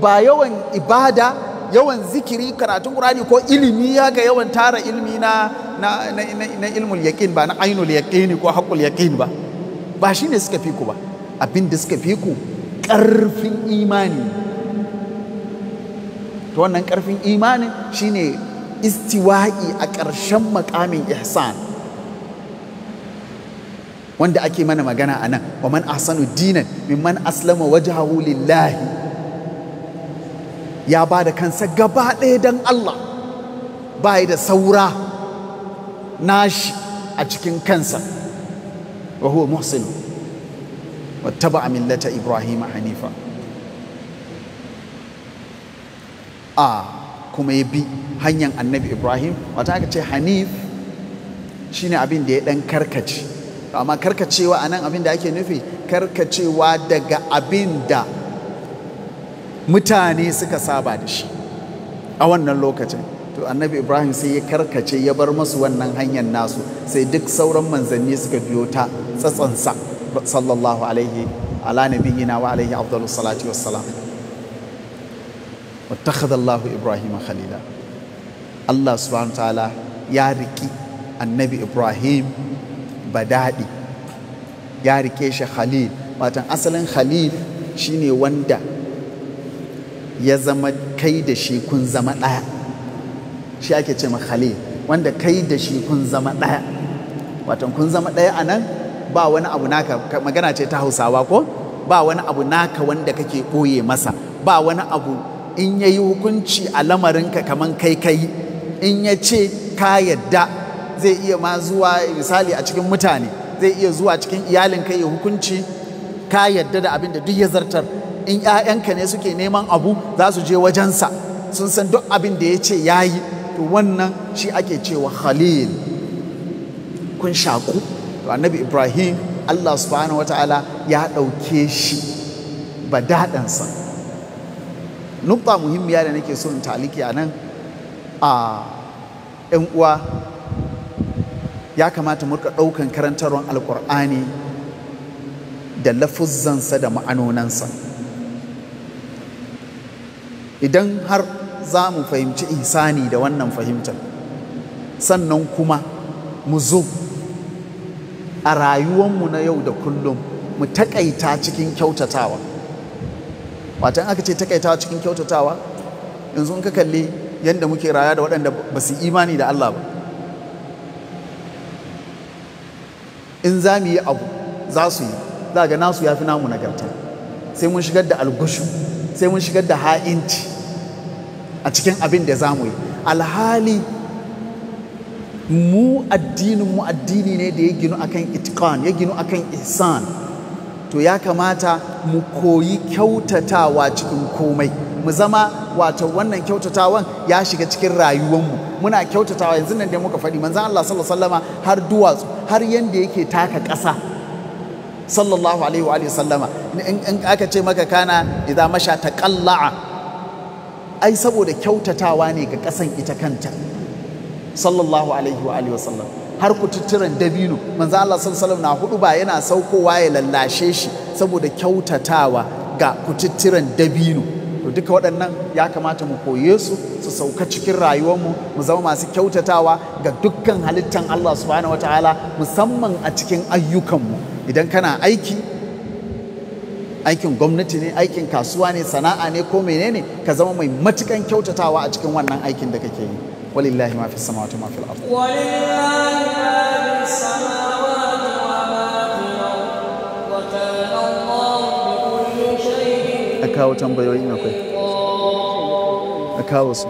ba yawan ibada yawan zikiri karatun qur'ani ko ilimi ya ga yawan tara ilimi na na na, ilmul yaqin ba na ainul yaqini ko haqqul yaqin ba ba shine suka fi ku ba abin da suka fi ku ƙarfin imani to wannan ƙarfin imanin shine istiwa'i a ƙarshen makamin ihsan wanda ake mana magana a nan wa man ahsanu dinan mimman aslama wajhahu lillahi ya ba da kansa gaba ɗaya don Allah ba da saura nashi a cikin kansa wa huwa muhsin wattaba millata ibrahim hanifa a kuma ya bi hanyar annabi ibrahim wata aka ce hanif shine abin da ya ɗan karkace amma karkacewa anan abin da ake nufi karkacewa daga abin da mutane suka saba da shi a wannan lokacin to annabi ibrahim sai ya karkace ya bar masu wannan hanyar nasu sai duk sauran manzanni suka biyo ta tsatsansa sallallahu alaihi ala nabiyyina wa alaihi afdalu salati wassalam wattakhadha Allahu Ibrahim khalila Allah subhanahu ta'ala ya riki annabi Ibrahim badadi ya rike shi khalil watan asalin khalil shine wanda ya zama kai da shi kun zama ɗaya shi ake ce makhali wanda kai da shi kun zama ɗaya watan kun zama ɗaya a nan ba wani abu naka magana ce ta hausawa ko ba wani abu naka wanda kake ɓoye masa ba wani abu in ya yi hukunci a lamarinka kaman kai kai in ya ce ka yadda zai iya ma zuwa misali a cikin mutane zai iya zuwa cikin iyalinka ya hukunci ka yadda da abin da duk ya zartar in 'ya'yanka ne suke neman abu za su je wajensa sun san duk abin da ya ce ya yi to wannan shi ake cewa halil kun shaku to annabi ibrahim allah subhanahu wa ta'ala ya ɗauke shi ba daɗansa nufa muhimmiya da nake so in taliki a nan a ‘yan uwa ya kamata murka ɗaukan karantarwar alƙur'ani da lafuzzansa da ma'anonansa. idan har za mu fahimci insani da wannan fahimtar sannan kuma mu zo a rayuwanmu na yau da kullum mu takaita cikin kyautatawa wata aka ce takaitawa cikin kyautatawa yanzu in ka kalli yadda muke raya da waɗanda ba su imani da Allah ba in za mu yi abu za su yi za ga nasu ya fi namu nagarta sai mun shigar da algushu sai mun shigar da ha'inci a cikin abin da za mu yi alhali mu addinin mu addini ne da ya ginu akan itqan ya ginu akan ihsan to ya kamata mu koyi kyautatawa cikin komai mu zama wato wannan kyautatawan ya shiga cikin rayuwanmu muna kyautatawa yanzu nan da muka faɗi manzon Allah sallallahu alaihi har duwatsu har yadda yake taka ƙasa sallallahu alaihi wa sallama in aka ce maka kana idan masha taqalla'a ai saboda kyautatawa ne ga kasan ita kanta sallallahu alaihi wa alihi sallam har kututturen dabino manzo Allah sallallahu alaihi na hudu ba yana saukowa ya lallashe shi saboda kyautatawa ga kututturen dabino to duka waɗannan ya kamata mu koye su su sauka cikin rayuwarmu mu zama masu kyautatawa ga dukkan halittan Allah subhanahu wataala musamman a cikin ayyukanmu idan kana aiki aikin gwamnati ne aikin kasuwa ne sana'a ne ko menene ka zama mai matukan kyautatawa a cikin wannan aikin da kake yi walillahi ma fi samawati ma fil ardh walillahi ma fi samawati wa ma fil ardh wa kawo tambayoyin akwai a kawo su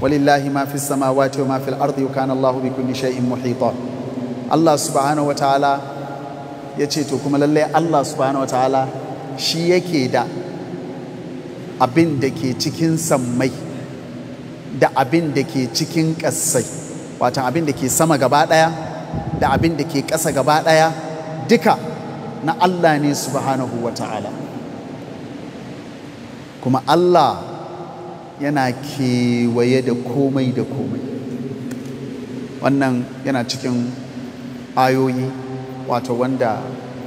walillahi ma fi samawati wa ma fil ardh wa kana Allahu bi kulli shay'in muhita Allah subhanahu wa ta'ala ya ce to kuma lallai Allah subhanahu ta'ala shi yake da abin da ke cikin sammai da abin da ke cikin ƙasai watan abin da ke sama gaba ɗaya da abin da ke ƙasa gaba ɗaya duka na Allah ne subhanahu wataala kuma Allah yana kewaye da komai da komai wannan yana cikin ayoyi wato wanda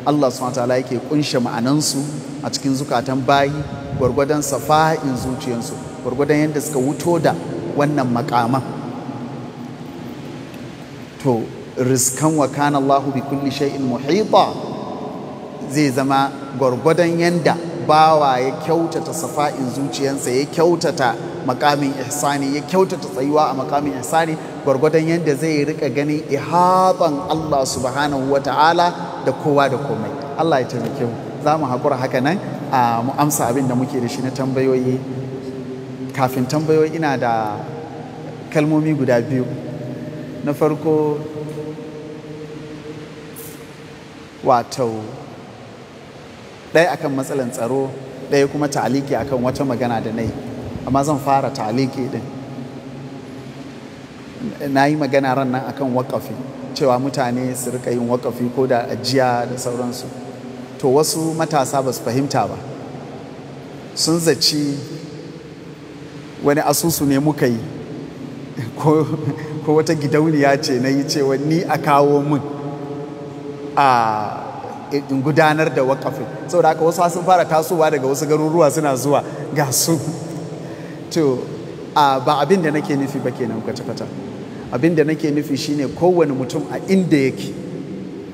Allah subhanahu yake kunshe ma'anansu a cikin zukatan bayi gwargwadon in zuciyansu, gwargwadon yadda suka wuto da wannan makaman to riskan wa kana Allahu bi kulli shay'in muhita zai zama gwargwadon yadda bawa ya kyautata safa'in zuciyarsa ya kyautata makamin ihsani ya kyautata tsayuwa a makamin ihsani gwargwadon yadda zai rika ganin ihaban Allah subhanahu wa ta'ala da kowa da komai Allah ya taimake mu za mu haƙura haka nan a mu amsa abin da muke da shi na tambayoyi kafin tambayoyi ina da kalmomi guda biyu na farko wato ɗaya akan matsalan tsaro ɗaya kuma taliki akan wata magana da na amma zan fara taliki din na yi magana ran nan akan wakafi cewa mutane su rika yin wakafi ko da ajiya da sauransu to wasu matasa ba su fahimta ba sun zaci wani asusu ne muka yi ko wata gidauniya ce na yi cewa ni a kawo mun a gudanar da wakafin saboda haka wasu sun fara tasowa daga wasu garuruwa suna zuwa ga su to ba abin da nake nufi ba kenan kwata-kwata abin da nake nufi shine kowane mutum a inda yake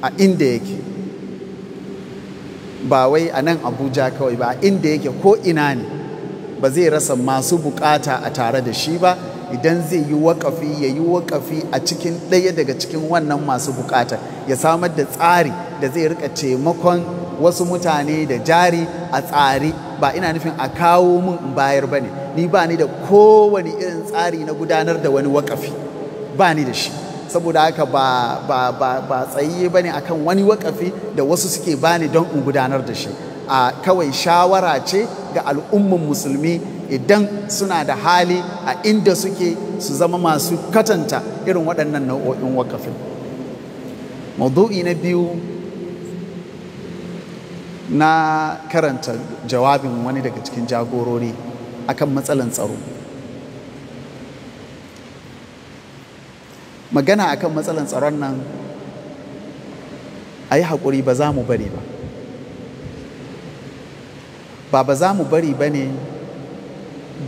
a inda yake ba wai a nan abuja kawai ba a inda yake ko ina ne ba zai rasa masu bukata a tare da shi ba idan zai yi wakafi ya yi wakafi a cikin ɗaya daga cikin wannan masu bukata ya samar da tsari da zai rika taimakon wasu mutane da jari a tsari ba ina nufin a kawo mun bayar ba ne ni ba ni da kowane irin tsari na gudanar da wani wakafi ba ni da shi saboda haka ba ba ba ba tsaye bane akan wani wakafi da wasu suke bani don in gudanar da shi a kawai shawara ce ga al'umman musulmi idan suna da hali a inda suke su zama masu katanta irin waɗannan nau'o'in wakafin maudu'i na biyu na karanta jawabin wani daga cikin jagorori akan matsalan tsaro magana akan matsalan tsaron nan a yi haƙuri ba za mu bari ba ba ba za mu bari ba ne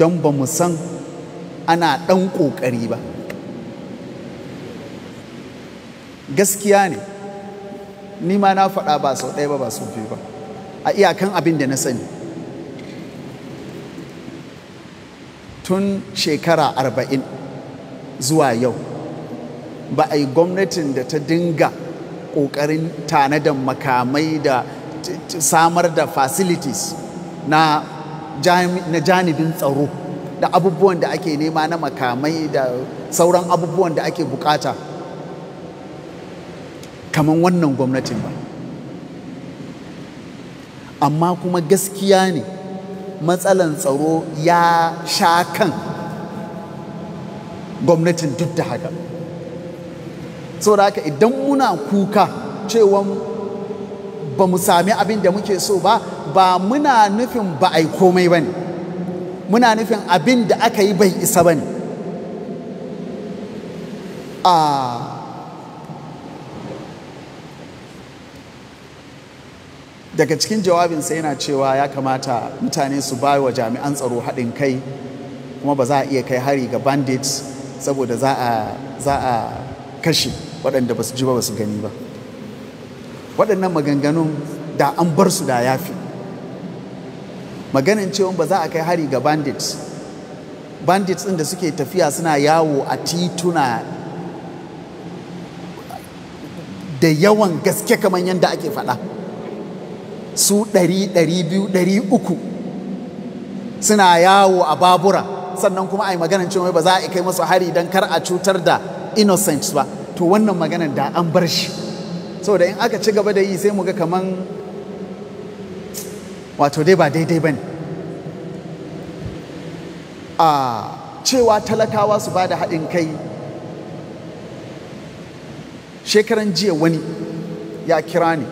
don ba mu san ana ɗan ƙoƙari ba gaskiya ne ni ma na faɗa ba sau ɗaya ba ba sau biyu ba a iyakan abin da na sani tun shekara arba'in zuwa yau ba a yi gwamnatin da ta dinga ƙoƙarin da makamai da samar da facilities na janibin tsaro da abubuwan da ake nema na makamai da sauran abubuwan da ake bukata kamar wannan gwamnatin ba amma kuma gaskiya ne matsalan tsaro ya sha kan gwamnatin duk da haka saboda haka idan muna kuka cewa ba mu sami abin da muke so ba ba muna nufin ba a yi komai ba ne muna nufin abin da aka yi bai isa ba ne ah, daga cikin jawabinsa yana cewa ya kamata mutane su bawa wa jami'an tsaro haɗin kai kuma ba za a iya kai hari ga bandits saboda za a kashe waɗanda ba su ji ba su gani ba waɗannan maganganun da an bar su da yafi maganin cewa ba za a kai hari ga bandits bandits ɗin da suke tafiya suna yawo a tituna da yawan gaske kamar yadda ake faɗa. su ɗari ɗari biyu ɗari uku suna yawo a babura sannan kuma a yi maganan cewa ba za a kai masu hari don kar a cutar da innocent ba to wannan maganan da an bar shi saboda in aka ci gaba da yi sai mu ga kaman wato dai ba daidai ba ne a cewa talakawa su ba da haɗin kai shekaran jiya wani ya kira ni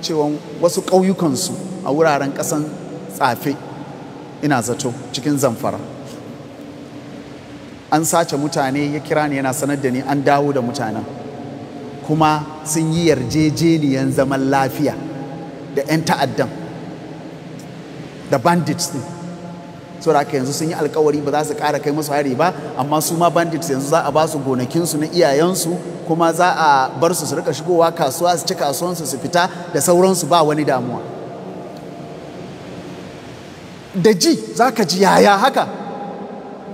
cewa wasu ƙauyukansu a wuraren ƙasan tsafe ina zato cikin zamfara an sace mutane ya kira ni yana sanar da ni an dawo da mutanen kuma sun yi yarjejeniyan zaman lafiya da 'yan ta'addan da bandits ne saboda haka yanzu sun yi alkawari ba za su ƙara kai musu hari ba amma su ma bandits yanzu za a ba su gonakinsu na iyayensu kuma za a bar su su rika shigowa kasuwa su ci kasuwansu su fita da sauransu ba wani damuwa da ji za ka ji yaya haka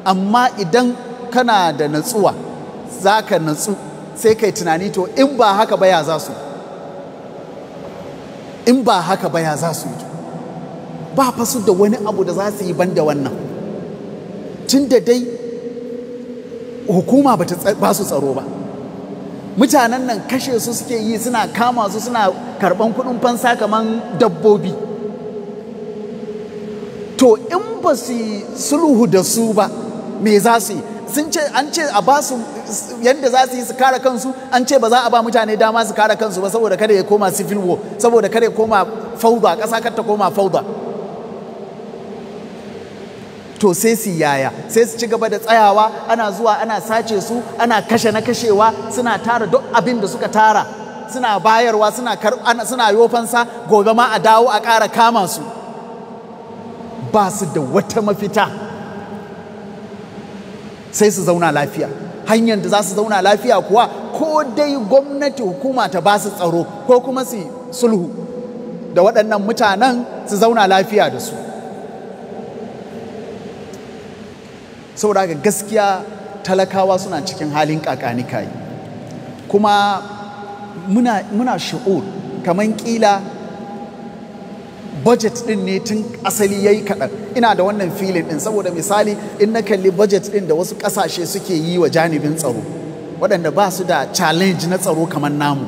amma idan kana da natsuwa za ka natsu sai kai tunani to in ba haka baya ya za su in ba haka ba za su yi ba fa su da wani abu da za su yi ban da wannan tun da dai hukuma ba su tsaro ba mutanen nan kashe su suke yi suna kama su suna karban kudin fansa kamar dabbobi to in ba su sulhu da su ba me za su yi sun ce an ce a ba su yadda za su yi su kare kansu an ce ba za a ba mutane dama su kare kansu ba saboda kada ya koma civil war saboda kada ya koma fauda ƙasa kar ta koma fauda to sai su yaya sai su ci gaba da tsayawa ana zuwa ana sace su ana kashe na kashewa suna tara duk abin da suka tara suna bayarwa suna suna yofansa gobe ma a dawo a ƙara kama su ba su da wata mafita sai su zauna lafiya hanyar da za su zauna lafiya kuwa ko dai gwamnati hukuma ta ba su tsaro ko kuma su sulhu da waɗannan mutanen su zauna lafiya da su saboda ga gaskiya talakawa suna cikin halin kakani kakanikai kuma muna, muna shi'ur kamar kila budget din ne tun asali ya yi kaɗan ina da wannan filin din saboda misali in na kalli budget din da wasu ƙasashe suke yi wa janibin tsaro waɗanda ba su da challenge na tsaro kamar namu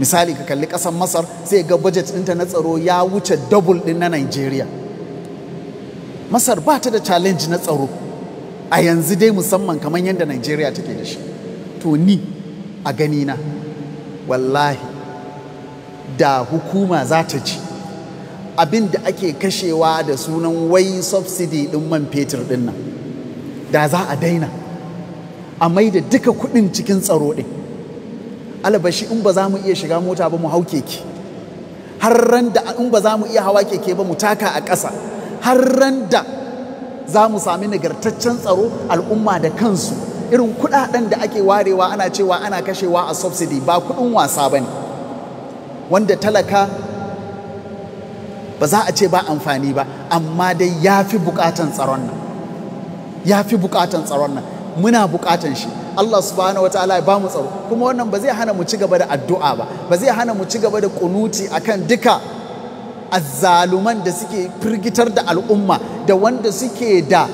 misali ka kalli ƙasar masar sai ga budget ɗinta na tsaro ya wuce double ɗin na nigeria masar ba ta da challenge na tsaro a yanzu dai musamman kamar yadda najeriya take da shi to ni a na. wallahi da hukuma za ta ji abin da ake kashewa da sunan wai subsidy ɗin man fetur ɗin nan da za a daina a mai da duka kuɗin cikin tsaro ɗin Albashi in ba za mu iya shiga mota ba mu hau keke har ran da in ba za mu iya hawa keke ba mu taka a ƙasa har randa za mu sami nagartaccen tsaro al'umma da kansu irin kuɗaɗen da ake warewa ana cewa ana kashewa a subsidy ba kuɗin wasa ba ne wanda talaka ba za a ce ba amfani ba amma dai ya fi bukatan tsaron nan ya fi bukatan tsaron nan muna bukatan shi Allah subhanahu wataala ya mu tsaro kuma wannan ba zai hana mu ci gaba da addu'a ba ba zai hana mu ci gaba da kunuti akan duka azzaluman da suke firgitar da al'umma da wanda suke da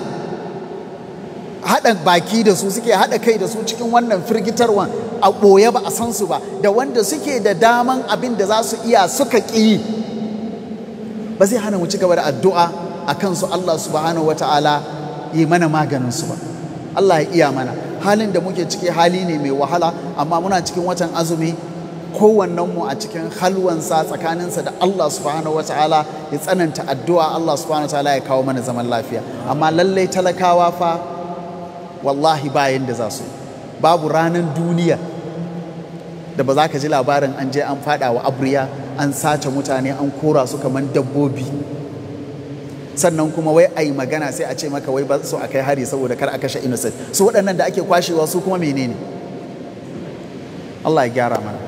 haɗa baki da su suke haɗa kai da su cikin wannan firgitarwan a ɓoye ba a san su ba da wanda suke da daman abin da za su iya suka ƙi ba zai hana mu ci gaba da addu'a a kansu Allah subhanahu wata'ala yi mana maganin su ba Allah ya iya mana halin da muke ciki hali ne mai wahala amma muna cikin watan azumi kowannenmu a cikin halwansa tsakaninsa da Allah subhanahu ta'ala ya tsananta addu'a Allah subhanahu ta'ala ya kawo mana zaman lafiya amma lallai talakawa fa wallahi bayan yanda za su babu ranar duniya da ba za ka ji labarin an je an fada wa abriya an sace mutane an kora su kamar dabbobi sannan kuma wai a yi magana sai a ce maka wai ba su a kai hari saboda kar a kashe innocent su waɗannan da ake kwashewa su kuma menene Allah ya gyara mana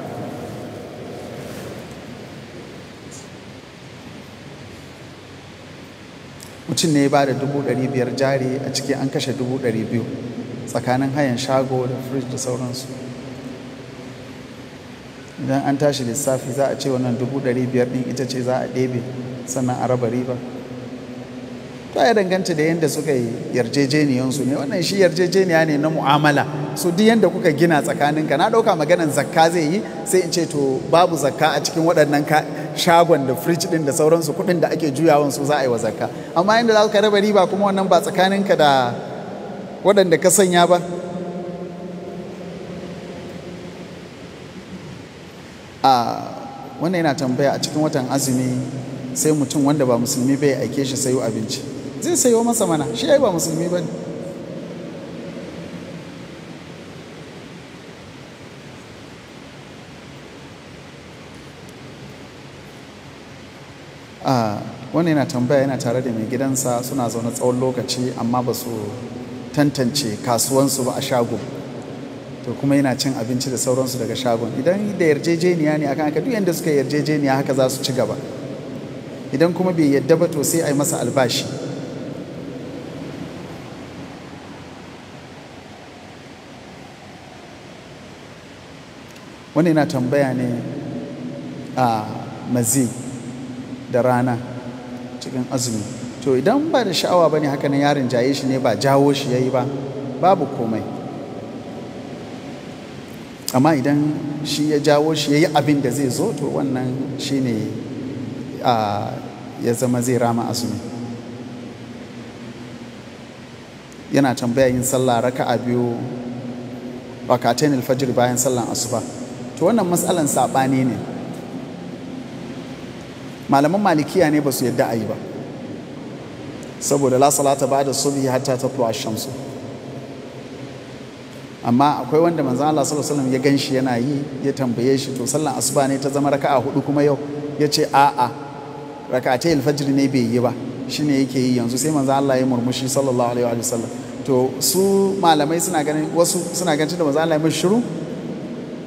mutum ne ya ba da dubu ɗari biyar jari a ciki an kashe dubu ɗari biyu tsakanin hayan shago da firij da sauransu idan an tashi lissafi za a ce wannan dubu ɗari biyar ɗin ita ce za a ɗebe sannan a raba riba to ya danganta da yadda suka yi yarjejeniyansu ne wannan shi yarjejeniya ne na mu'amala su duk yadda kuka gina tsakanin ka na ɗauka maganan zakka zai yi sai in ce to babu zakka a cikin waɗannan shagon da firij ɗin da sauransu kuɗin da ake juyawan su za a yi wa zakka amma inda za ka raba riba kuma wannan ba tsakaninka da waɗanda ka sanya ba a wannan yana tambaya a cikin watan azumi sai mutum wanda ba musulmi bai aike shi sayo abinci zai sayo masa mana shi ai ba musulmi ba ne ah, wani yana tambaya yana tare da mai gidansa suna zaune tsawon lokaci amma ba su tantance kasuwansu ba a shago to kuma yana cin abinci da sauransu daga shagon idan da yarjejeniya ne akan haka duk yadda suka yarjejeniya haka za su ci gaba idan kuma bai yadda ba to sai a yi masa albashi wani yana tambaya ne a mazi da rana cikin azumi to idan ba da sha'awa ba ne haka nan yarin jaye shi ne ba jawo shi ya yi ba babu komai amma idan shi ya jawo shi ya yi abin da zai zo to wannan shi ne ya zama zai rama azumi yana tambaya yin sallah raka'a biyu rakatain alfajir bayan sallan asuba to wannan matsalan saɓani ne malaman malikiya ne ba su yadda a yi ba saboda la salata ba da subhi hatta ta a shamsu amma akwai wanda manzan Allah sallallahu alaihi wasallam ya ganshi yana yi ya tambaye shi to sallan asuba ne ta zama raka'a hudu kuma yau ya ce a'a ta alfajiri ne bai yi ba shine yake yi yanzu sai manzan Allah ya murmushi sallallahu alaihi wasallam to su malamai suna ganin wasu suna ganin da manzan Allah ya shiru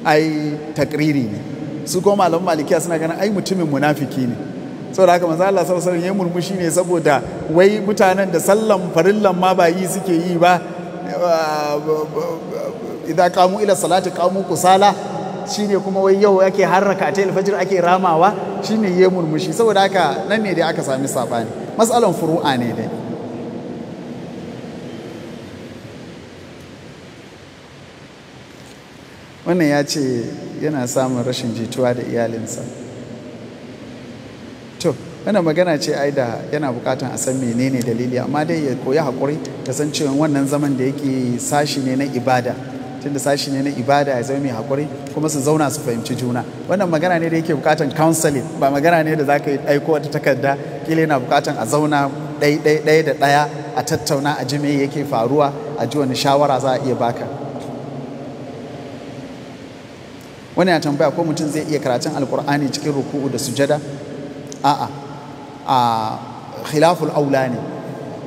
ai takriri ne su kuma malaman malikiya suna ganin ai mutumin munafiki ne saboda haka manzo Allah sallallahu alaihi wasallam ya murmushi ne saboda wai mutanen da sallan farillan ma ba yi suke yi ba eh, idan kamu ila salati kamu kusala shine kuma wai yau ake harraka ta alfajir ake ramawa shine ya murmushi saboda haka nan ne dai aka sami sabani mas'alan furu'a ne dai wannan ya ce yana samun rashin jituwa da iyalinsa to wannan magana ce ai da yana bukatan a san menene dalili amma dai ya koyi hakuri ta san cewa wannan zaman da yake sashi ne na ibada tunda sashi ne na ibada ya zama mai hakuri kuma su zauna su fahimci juna wannan magana ne da yake bukatan counseling ba magana ne da zaka ka aiko wata takarda kila yana bukatan a zauna ɗaya da ɗaya a tattauna a ji me yake faruwa a ji wani shawara za a iya baka wani ya tambaya ko mutum zai iya karatun alkur'ani cikin ruku'u da sujada a'a a khilaful aula ne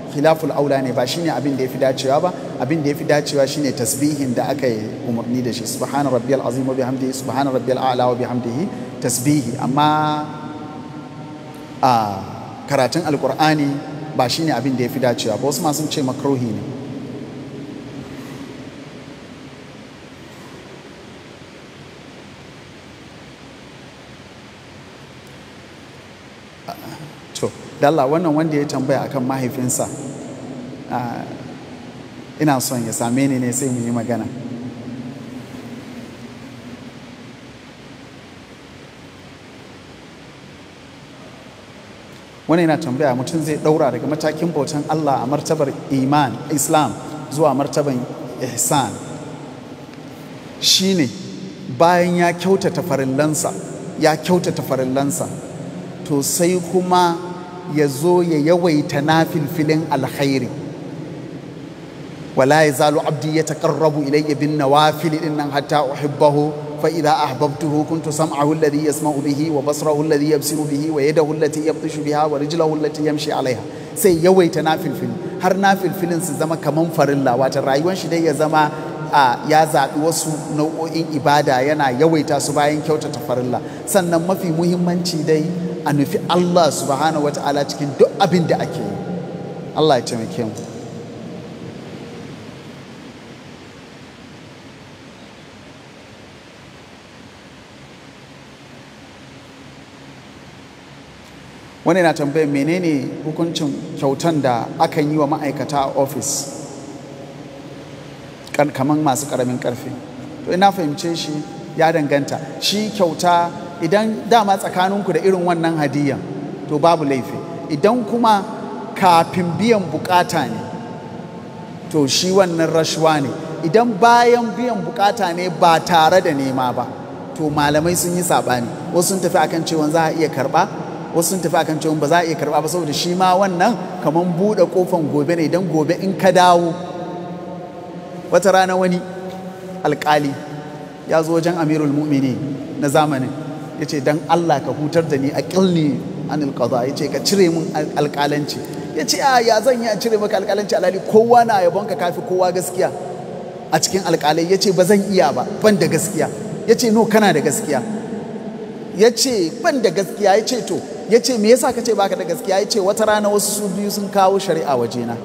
khilaful aula ne ba shine abin da yafi dacewa ba abin da yafi dacewa shine tasbihin da aka yi umarni da shi subhana rabbiyal azim wa bihamdihi subhana rabbiyal a'la wa bihamdihi tasbihi amma a karatun alkur'ani ba shine abin da yafi dacewa ba wasu ma sun ce makruhi ne dalla wannan wanda ya tambaya akan mahaifinsa ah, ina son ya same ni ne sai mu yi magana wani yana tambaya mutum zai daura daga matakin bautan Allah a martabar iman islam zuwa martaban ihsan shine bayan ya kyautata farillansa ya kyautata farillansa to sai kuma ya zo ya yawaita nafilfilin alkhairi wala ya zalu abdi ya taqarrabu ilayya bin din nan hatta uhibbahu fa idza ahbabtuhu kuntu sam'ahu alladhi yasma'u bihi wa basarahu alladhi yabsiru bihi wa yadahu allati yabtishu biha wa rijlahu allati yamshi alaiha sai yawaita nafilfil har nafilfilin su zama kaman farilla wata rayuwar shi dai ya zama a ya zaɓi wasu nau'o'in ibada yana yawaita su bayan kyautata farilla sannan mafi muhimmanci dai a nufi Allah subhanahu wata'ala cikin duk abin da ake yi Allah ya taimake mu wani na tambayar menene hukuncin kyautan da akan yi wa ma'aikata a ofis kamar masu karamin karfi to ina fahimce shi ya danganta shi kyauta idan dama tsakaninku da irin wannan hadiyan to babu laifi idan kuma kafin biyan bukata ne to shi wannan rashuwa ne idan bayan biyan bukata ne ba tare da nema ba to malamai sun yi saɓani wasu sun tafi akan cewa za a iya karɓa wasu sun tafi akan cewa ba za a iya karɓa ba saboda shi ma wannan kamar buɗe kofan gobe ne idan gobe in ka dawo wata rana wani alƙali ya zo wajen amirul mu'mini na zamanin ya ce don Allah ka hutar da ni a ƙilni an ilkaza ya ce ka cire min alƙalanci ya ce a ah, ya zan yi cire maka alƙalanci alali kowa na yabon ka kafi kowa gaskiya a cikin alƙalai ya ce ba zan iya ba ban da gaskiya ya ce no kana da gaskiya ya ce ban da gaskiya ya ce to ya ce me yasa ka ce baka da gaskiya ya ce wata rana wasu su biyu sun kawo shari'a wajena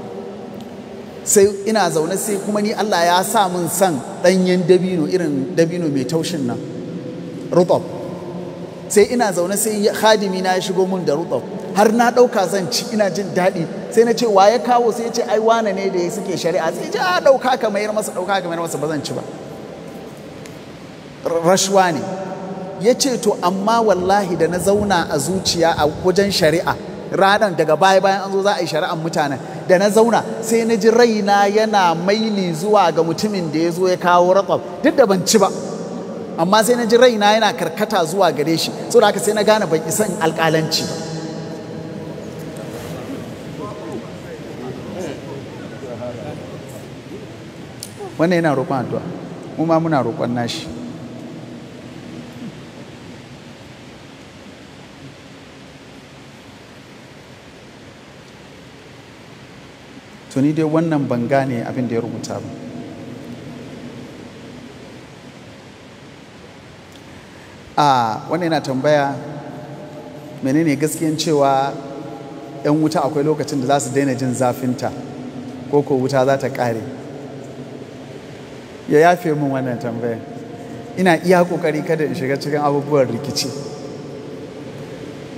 sai ina zaune sai kuma ni Allah ya sa min san ɗanyen dabino irin dabino mai taushin nan rutab sai ina zaune sai hadimi na ya shigo mun da rutsa har na ɗauka zan ci ina jin daɗi sai na ce wa ya kawo sai ya ce ai wane ne da suke shari'a sai ya a ah, ɗauka ka mayar masa ɗauka ka mayar masa ba zan ci ba rashwa ne ya ce to amma wallahi da na zauna a zuciya a wajen shari'a ranar daga baya bayan an zo za a yi shari'ar mutanen da na zauna sai na ji raina yana maili zuwa ga mutumin da ya zo ya kawo ratsaf duk da ban ci ba amma sai na ji raina yana karkata zuwa gare shi saboda haka sai na gane ban isa alkalanci alƙalanci ba wannan yana roƙon addu'a mu ma muna roƙon nashi tuni dai wannan ban gane abin da ya rubuta ba a wannan yana tambaya menene gaskiyan cewa 'yan wuta akwai lokacin da za su daina jin zafinta ko ko wuta za ta ƙare ya yafe min wannan tambaya ina iya ƙoƙari kada in shiga cikin abubuwan rikici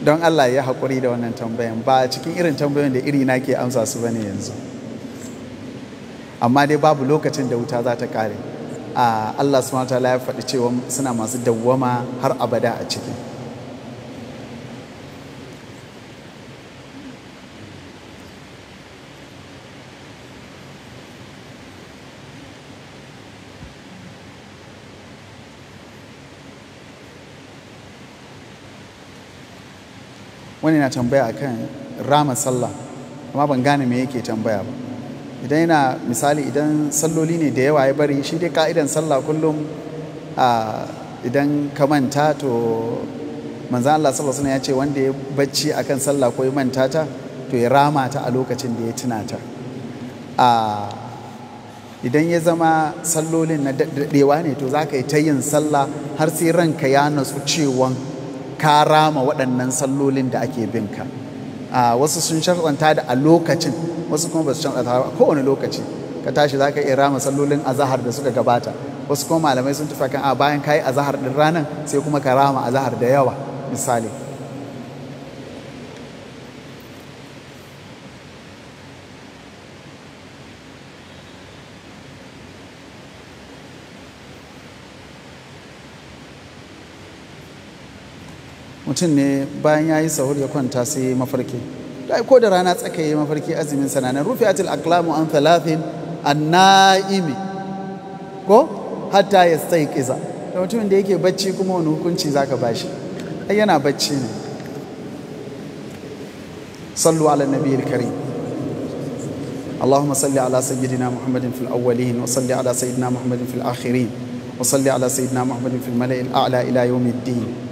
don allah ya haƙuri da wannan tambayan ba cikin irin tambayoyin da iri na ke amsa su bane yanzu amma dai babu lokacin da wuta za ta ƙare A Allah subhanahu ta'ala ya faɗi cewa suna masu dawwama har abada a ciki wani na tambaya akan rama sallah amma ban gane me yake tambaya ba idan yana misali idan salloli ne da yawa ya bari shi dai ka'idan sallah kullum a idan ka manta to manzan Allah sallallahu alaihi ya ce wanda ya bacci akan sallah ko ya manta ta to ya rama ta a lokacin da ya tuna ta a idan ya zama sallolin na daɗewa ne to za yi ta yin sallah har sai ranka ya nasu cewan ka rama waɗannan sallolin da ake binka wasu sun sharɗanta da a lokacin wasu kuma ba su canza kowane lokaci ka tashi za ka iya rama sallolin azahar da suka gabata wasu kuma malamai sun tafi kan a bayan kayi azahar din ranar sai kuma ka rama azahar da yawa misali mutum ne bayan ya yi sahur ya kwanta sai mafarki ko da rana tsakaye mafarki azumin sananan rufi'atul aklamu an thalathin anna'imi ko hatta yastayqiza da mutumin da yake bacci kuma wani hukunci zaka bashi ai yana bacci ne sallu ala nabiyil karim اللهم صل على سيدنا محمد في الأولين وصل على سيدنا محمد في الآخرين وصل على سيدنا محمد في الملأ الأعلى إلى يوم الدين